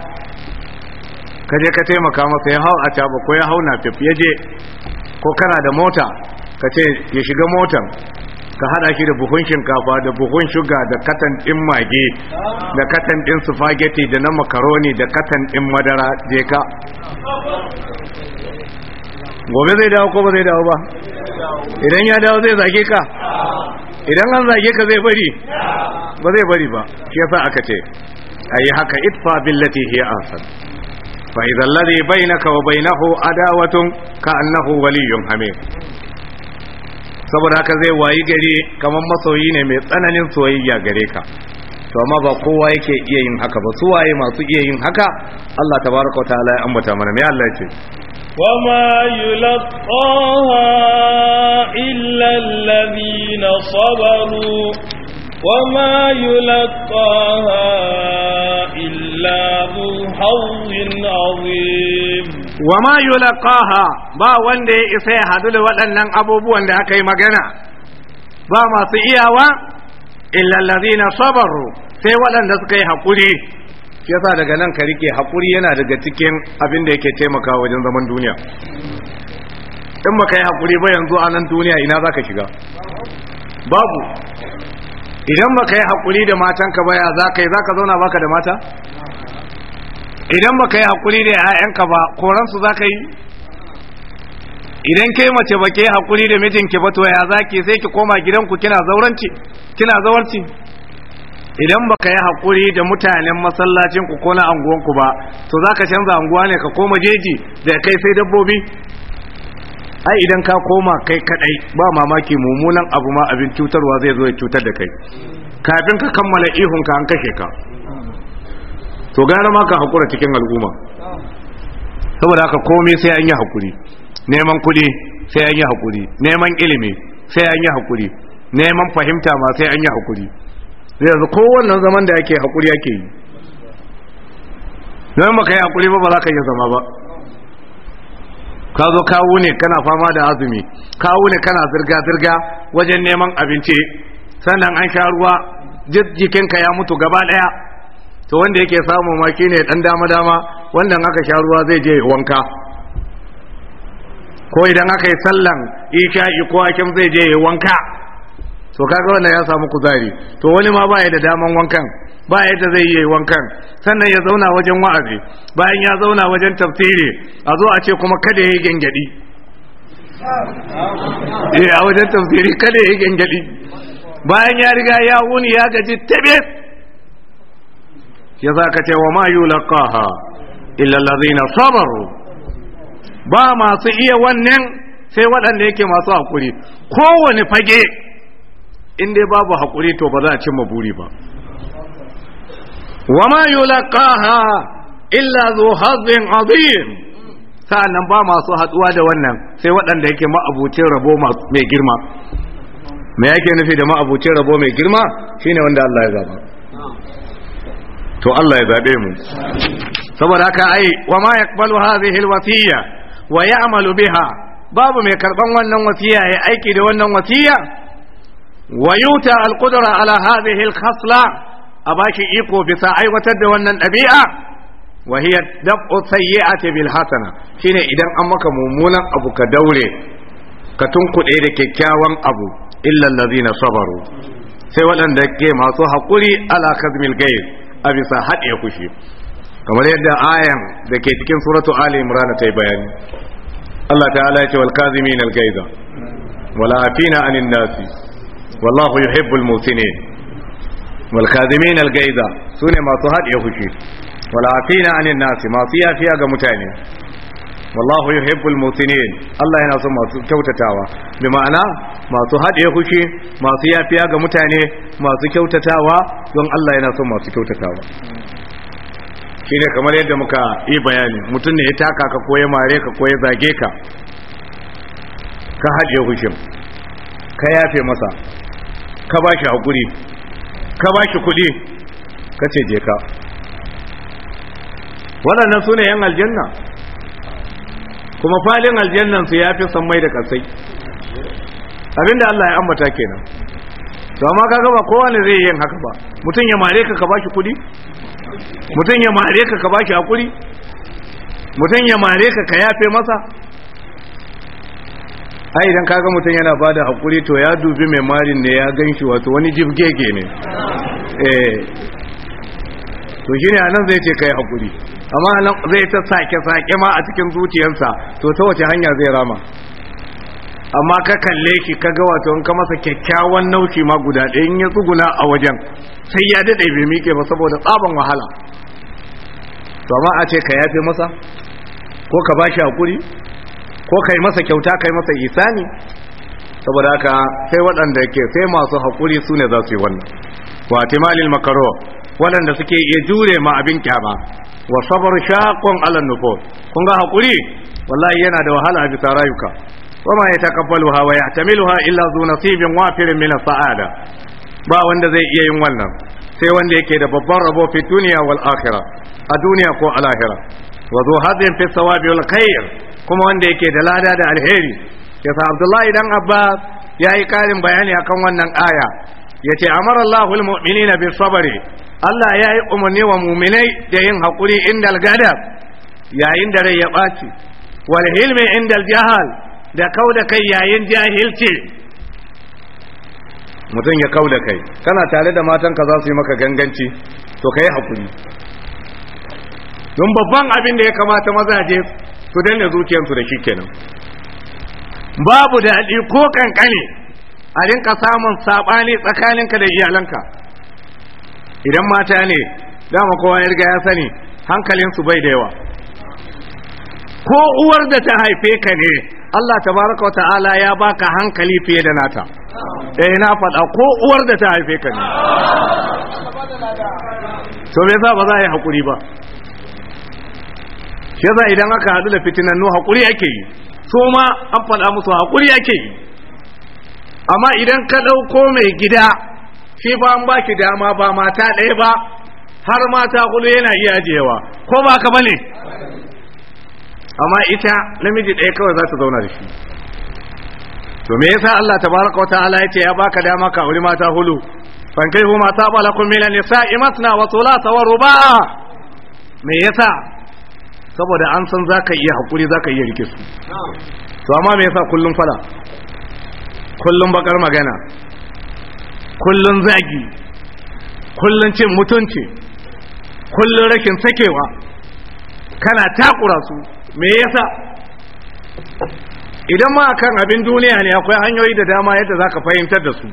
A: ka je ka taimaka masa ya hau a taba ko ya hau na tafiye je ko kana da mota ka ce ya shiga motan ka hada shi da buhun shinkafa da buhun shuga da katan din mage da katan din spaghetti da na makaroni da katan din madara je ka gobe zai dawo ko ba zai dawo ba
C: idan ya dawo zai
A: zage ka idan an zage ka zai bari ba zai bari ba shi yasa aka ce ayi haka itfa billati hiya ahsan fa idza alladhi bainaka wa bainahu adawatun ka annahu waliyyun hamim saboda haka zai wayi gari kamar masoyi ne mai tsananin soyayya gare ka to amma ba kowa yake iya yin haka ba su waye masu iya yin haka Allah tabaraka wataala ya ambata mana me
B: Allah yake na يلقاها إلا الذين صبروا وما يلقاها إلا ذو حظ عظيم
A: wa ma yulaqaha ba wanda ya isa ya hadu da waɗannan abubuwan da aka yi magana ba masu iyawa illa allazina sabaru sai waɗanda suka yi hakuri yasa daga nan ka rike hakuri yana daga cikin abin da yake taimakawa wajen zaman duniya in baka yi hakuri ba yanzu a nan duniya ina zaka shiga babu idan baka yi hakuri da matanka ba ya zaka yi zaka zauna baka da mata idan baka yi hakuri da 'ya'yanka ba koransu za ka yi idan kai mace ba ke hakuri da mijinki ba to ya za ki sai ki koma gidanku kina zauranci kina zawarci idan baka yi hakuri da mutanen masallacin ku ko na anguwanku ba to za ka canza anguwa ne ka koma jeji da kai sai dabbobi ai idan ka koma kai kadai ba mamaki mummunan abu ma abin cutarwa zai zo ya cutar da kai kafin ka kammala ihunka an kashe ka to gara ma ka hakura cikin al'umma saboda haka komai sai an yi hakuri neman kuɗi sai an yi hakuri neman ilimi sai an yi hakuri neman fahimta ma sai an yi hakuri yanzu kowanne zaman da yake hakuri yake yi don baka yi hakuri ba ba za ka iya zama ba ka zo kawo ne kana fama da azumi kawo ne kana zirga-zirga wajen neman abinci sannan an sha ruwa jikinka ya mutu gaba daya to wanda yake samu ma shine dan dama dama wannan aka sha ruwa zai je wanka ko idan aka yi sallan isha'i ko akin zai je wanka to kaga wannan ya samu kuzari to wani ma baya da daman wankan ba yadda zai yi wankan sannan ya zauna wajen wa'azi bayan ya zauna wajen tafsiri a zo a ce kuma kada ya yi gengadi eh a wajen tafsiri kada ya yi gengadi bayan ya riga ya wuni ya gaji tabe ya za ka ce wa ma yulaqaha illa allazina sabaru ba masu iya wannan sai waɗanda yake masu hakuri kowane fage in dai babu haƙuri to ba za a cimma buri ba wa ma
C: yulaqaha
A: illa hazin azin sa’an sa'annan ba masu haɗuwa da wannan sai waɗanda yake ma'abucin rabo mai girma me yake nufi da ma'abucin rabo mai girma Shi ne wanda Allah ya zaba to Allah ya zabe mu saboda haka ai wa ma yaqbalu hadhihi alwasiya wa ya'malu biha babu mai karban wannan wasiya ya aiki da wannan wasiya wa yuta alqudra ala hadhihi alkhasla a baki iko bisa aiwatar da wannan ɗabi'a wa hiya dab'u sayyi'ati bil hasana shine idan an maka mummunan abu ka daure ka tunkuɗe da kyakkyawan abu illa allazina sabaru sai waɗanda ke masu haƙuri ala kazmil gayr a bisa haɗe kushi kamar yadda ayan da ke cikin suratu ali imran ta yi bayani Allah ta'ala ya ce wal kazimin al gaiza wal afina anin nasi wallahu yuhibbul musinin wal kazimin al gaiza sune masu haɗe kushi wal afina anin nasi masu yafiya ga mutane wallahu yuhibbul mutinin Allah yana son masu kyautatawa bi ma'ana masu hade hushi masu yafiya ga mutane masu kyautatawa don Allah yana son masu kyautatawa shine kamar yadda muka yi bayani mutum ne ya taka ka ya mare ka ya zage ka ka haɗe hushin ka yafe masa ka ba shi haƙuri ka ba shi kuɗi ka ce je ka waɗannan su ne yan aljanna kuma falin aljannan su ya fi san mai da kasai abinda Allah ya ambata kenan to amma kaga ba kowa ne zai yin haka ba mutum ya mare ka ka baki kudi mutum ya mare ka ka baki hakuri mutum ya mare ka ka yafe masa ai idan kaga mutum yana bada hakuri to ya dubi mai marin ne ya ganshi wato wani jibgege ne eh to shine anan zai ce kai hakuri amma nan zai ta sake-sake ma a cikin zuciyarsa to ta wace hanya zai rama amma ka kalle shi ka ga wato in ka masa kyakkyawan naushi ma guda ɗaya in ya tsuguna a wajen sai ya daɗe bai miƙe ba saboda tsaban wahala to amma a ce ka yafe masa ko ka bashi hakuri ko kai masa kyauta kai masa isani saboda haka sai waɗanda ke sai masu hakuri su ne za su yi wannan wa timalil makaro waɗanda suke iya jure ma abin kyama wa sabar shaqqun ala nufus kun ga hakuri wallahi yana da wahala a bisa rayuka ya wama yatakabbaluha wa yahtamiluha illa zu nasibin wafirin min sa'ada ba wanda zai iya yin wannan sai wanda yake da babban rabo fi duniya wal a duniya ko al akhirah wa zu hadin fi sawabi wal khair kuma wanda yake da lada da alheri yasa abdullahi dan abbas yayi karin bayani akan wannan aya yace amara allahul mu'minina bis sabri Allah ya yi umarni wa muminai da yin haƙuri inda gada yayin da rai ya ɓaci wal hilmi inda jahal da kau da kai yayin jahilci mutum ya kau kai kana tare da matanka za su yi maka ganganci to ka yi haƙuri don babban abin da ya kamata mazaje su daina zuciyarsu da shi kenan babu daɗi ko kankane a rinka samun saɓani tsakaninka da iyalanka idan mata ne dama kowa ya riga ya sani hankalinsu bai da yawa ko uwar da ta haife ka ne Allah tabaraka wa ta'ala ya baka hankali fiye da nata eh na faɗa ko uwar da ta haife ka ne to me yasa ba za a yi hakuri ba shi yasa idan aka hadu da fitinannu hakuri yake yi so ma an faɗa musu hakuri ake yi amma idan ka ɗauko mai gida shi ba an baki dama ba mata ɗaya ba har mata hudu yana iya ajiyewa ko ba ka bane amma ita namiji ɗaya kawai za ta zauna da shi to me yasa Allah tabaraka wa ta'ala yace ya baka dama ka auri mata hulu fan kai huma bala lakum min nisa imatna wa thulatha wa ruba me yasa saboda an san zaka iya hakuri zaka iya rike su to amma me yasa kullun fala, kullun bakar magana kullun zagi kullun cin mutunci kullun rashin sakewa kana takura su me yasa idan ma kan abin duniya ne akwai hanyoyi da dama yadda zaka ka fahimtar da su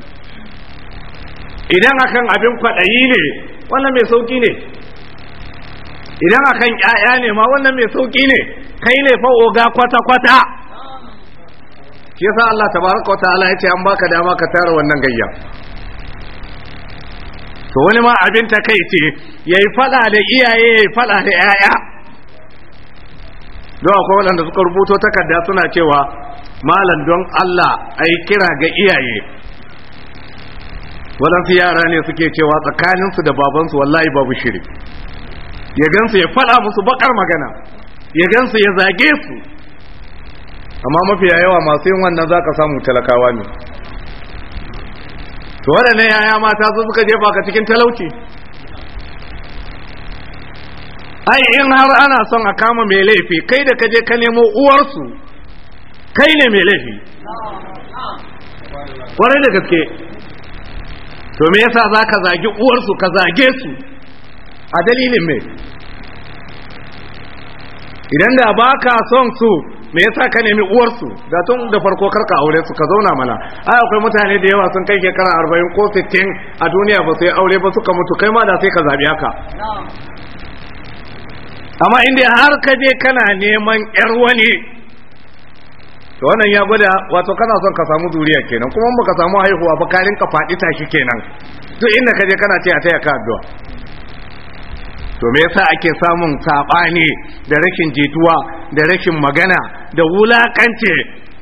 A: idan akan abin kwaɗayi ne wannan mai sauƙi ne idan akan ƴaƴa ne ma wannan mai sauƙi ne kai ne fa oga kwata-kwata shi yasa Allah tabaraka wa ta'ala ya ce an baka dama ka tara wannan gayya to wani ma abin ta kai ce ya yi fada da iyaye ya yi fada da yaya don akwai waɗanda suka rubuto takarda suna cewa malam don allah a yi kira ga iyaye waɗansu yara ne suke cewa tsakaninsu da babansu wallahi babu shiri ya gansu ya fada musu bakar magana ya gansu ya zage su amma mafiya yawa masu yin wannan za ka samu talakawa ne to waɗannan yaya mata su suka jefa ka cikin talauci ai in har ana son a kama mai laifi kai da ka je ka nemo uwarsu kai ne mai laifi kwarai da gaske to me yasa za ka zagi uwarsu ka zage su a dalilin mai idan da ba ka son su me yasa ka nemi uwarsu da tun da farko karka aure su ka zauna mana ai akwai mutane da yawa sun kai shekara 40 ko 60 a duniya ba sai aure ba suka mutu kai ma da sai ka zabi haka amma inda har ka je kana neman yar wani to wannan ya gwada wato kana son ka samu zuriya kenan kuma in baka samu haihuwa ba ka faɗi tashi kenan to inda ka je kana ce a taya ka addu'a to me yasa ake samun sabani da rashin jituwa da rashin magana da wulakance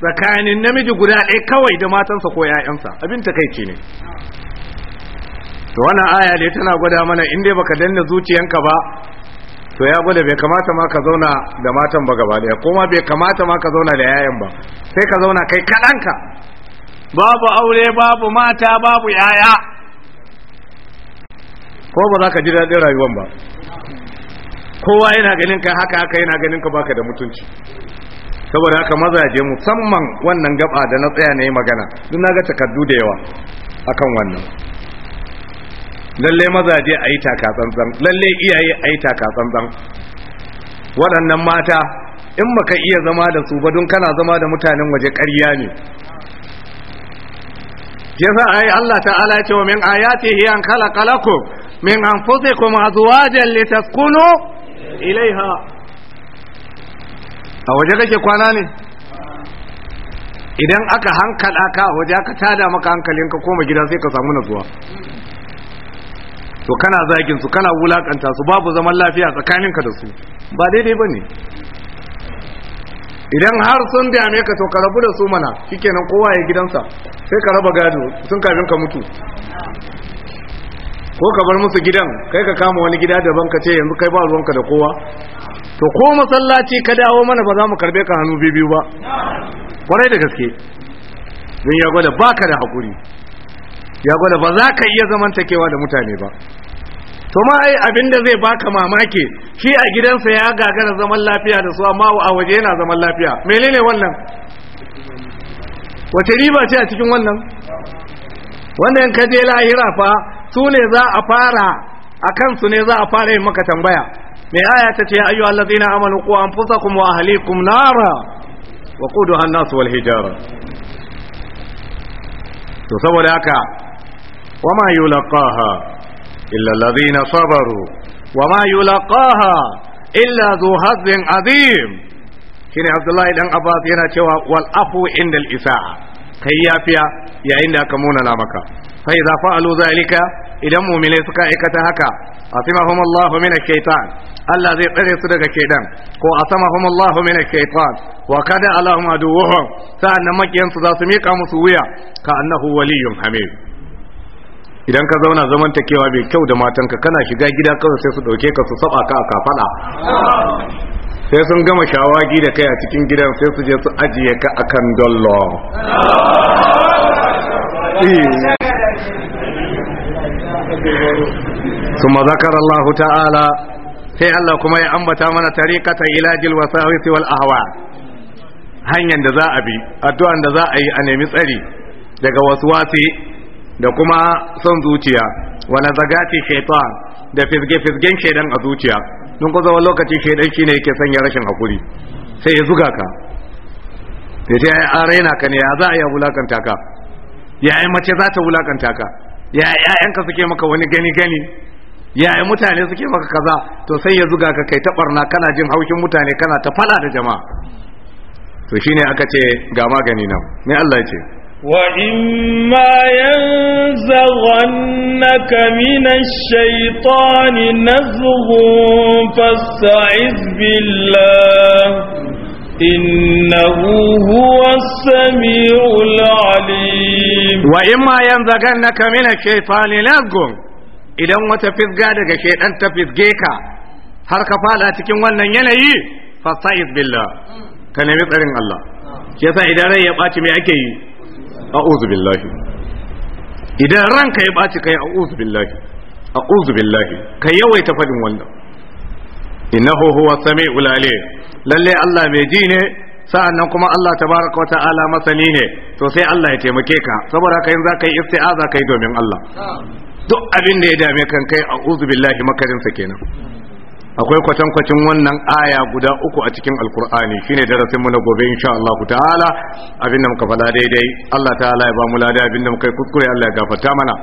A: tsakanin namiji guda ɗaya kawai da matansa ko ƴaƴansa abin takeici ne to wannan aya dai tana gwada mana in dai baka danna zuciyanka ba to ya gwada bai kamata ma ka zauna da matan ba gaba daya kuma bai kamata ma ka zauna da yayan ba sai ka zauna kai kaɗanka babu aure babu mata babu yaya ko ba za ka ji daɗin rayuwan ba kowa yana ganin ka haka haka yana ganin ka baka da mutunci saboda haka mazaje musamman wannan gaba da na tsaya ne magana duk na ga takardu da yawa akan wannan lalle mazaje a taka tsantsan lalle iyaye a taka tsantsan waɗannan mata in maka iya zama da su ba don kana zama da mutanen waje ƙarya ne yasa ayi Allah ta'ala ya ce wa min ayatihi an khalaqalakum min anfusikum azwajan litaskunu ilaiha a waje kake kwana ne idan aka hankala ka waje aka tada maka hankalin hankalinka koma gida sai ka samu nutsuwa. to kana zagin su kana wulakanta su babu zaman lafiya tsakaninka da su ba daidai bane idan har sun dame ka to ka rabu da su mana shikenan kowa ya gidansa sai ka raba gado sun kafin ka mutu ko ka bar musu gidan kai ka kama wani gida daban ka ce yanzu kai ba ruwanka da kowa to ko masallaci ka dawo mana ba za mu karbe ka hannu biyu ba kwarai da gaske don ya gwada ka da hakuri ya gwada ba za ka iya takewa da mutane ba to ma ai abinda zai baka mamaki shi a gidansa ya gagara zaman lafiya da su amma a waje yana zaman lafiya menene wannan wace riba ce a cikin wannan wannan ka je lahira fa su ne za a fara a kansu ne za a fara yin maka tambaya mai aya ta ce ayyu allazina amanu qu anfusakum wa ahlikum nara wa quduha an-nas wal hijara to saboda haka wa ma yulqaha illa allazina sabaru wa ma yulqaha illa dhu hazzin azim shine abdullahi dan abbas yana cewa wal afu indal isaa kai yafiya yayin da aka muna maka fa idza fa'alu zalika idan mu'mine suka aikata haka asimahum Allahu min ash-shaytan Allah zai tsare su daga shaytan ko a Allahu min ash-shaytan wa kada alahum aduwwuhum sa'annan makiyansu za su mika musu wuya ka annahu waliyyun hamid idan ka zauna zamantakewa bai kyau da matanka kana shiga gida kawai sai su dauke ka su saba ka a kafada sai sun gama shawagi da kai a cikin gidan sai su je su ajiye ka akan dollo ثم ذكر ta'ala sai Allah kuma ya ambata mana tariqata ilajil wasawisi a hawa hanyar da za a bi addu'an da za a yi a nemi tsari daga waswasi da kuma son zuciya wa nazagati shaitan da fisge fisgen shaidan a zuciya don ko zama lokaci shaidan shine yake sanya rashin hakuri sai ya zuga ka ya ce ai an ka ne ya za a yi wulakanta ka ya ai mace za ta wulakanta ka ya 'ya'yanka suke maka wani gani gani ya mutane suke maka kaza to sai ya zuga ka kai ta barna kana jin haushin mutane kana ta fada da jama'a to shine aka ce ga magani nan ne Allah ya ce وإما yanzaghannaka
B: minash shaitani نزغ fasta'iz billah إنه هو
A: السميع
B: العليم وإما
A: ينزغنك من الشيطان لازغن Idan wata fisga daga shaidan ta fisge ka har ka fada cikin wannan yanayi fasta'iz billah ka nemi tsarin Allah shi yasa idan rai ya baci me ake yi a'udhu billahi idan ranka ya baci kai a'udhu billahi a'udhu billahi ka yawaita fadin wannan innahu huwa samiul alim lalle Allah mai ji ne sa'an nan kuma Allah ta baraka wa ta'ala masani ne to sai Allah ya taimake ka saboda haka yin za ka yi isti'aza yi domin Allah duk abin da ya dame kan kai a uzu billahi makarinsa kenan akwai kwatankwacin wannan aya guda uku a cikin alkur'ani shine darasinmu na gobe insha Allah ta'ala abinda muka fada daidai Allah ta'ala ya ba mu lada abinda muka yi kuskure Allah ya gafarta mana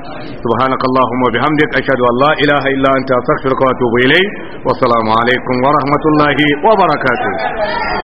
A: subhanakallahumma bihamdika ashhadu an la ilaha illa anta astaghfiruka wa atubu ilayk wa assalamu alaikum wa rahmatullahi wa barakatuh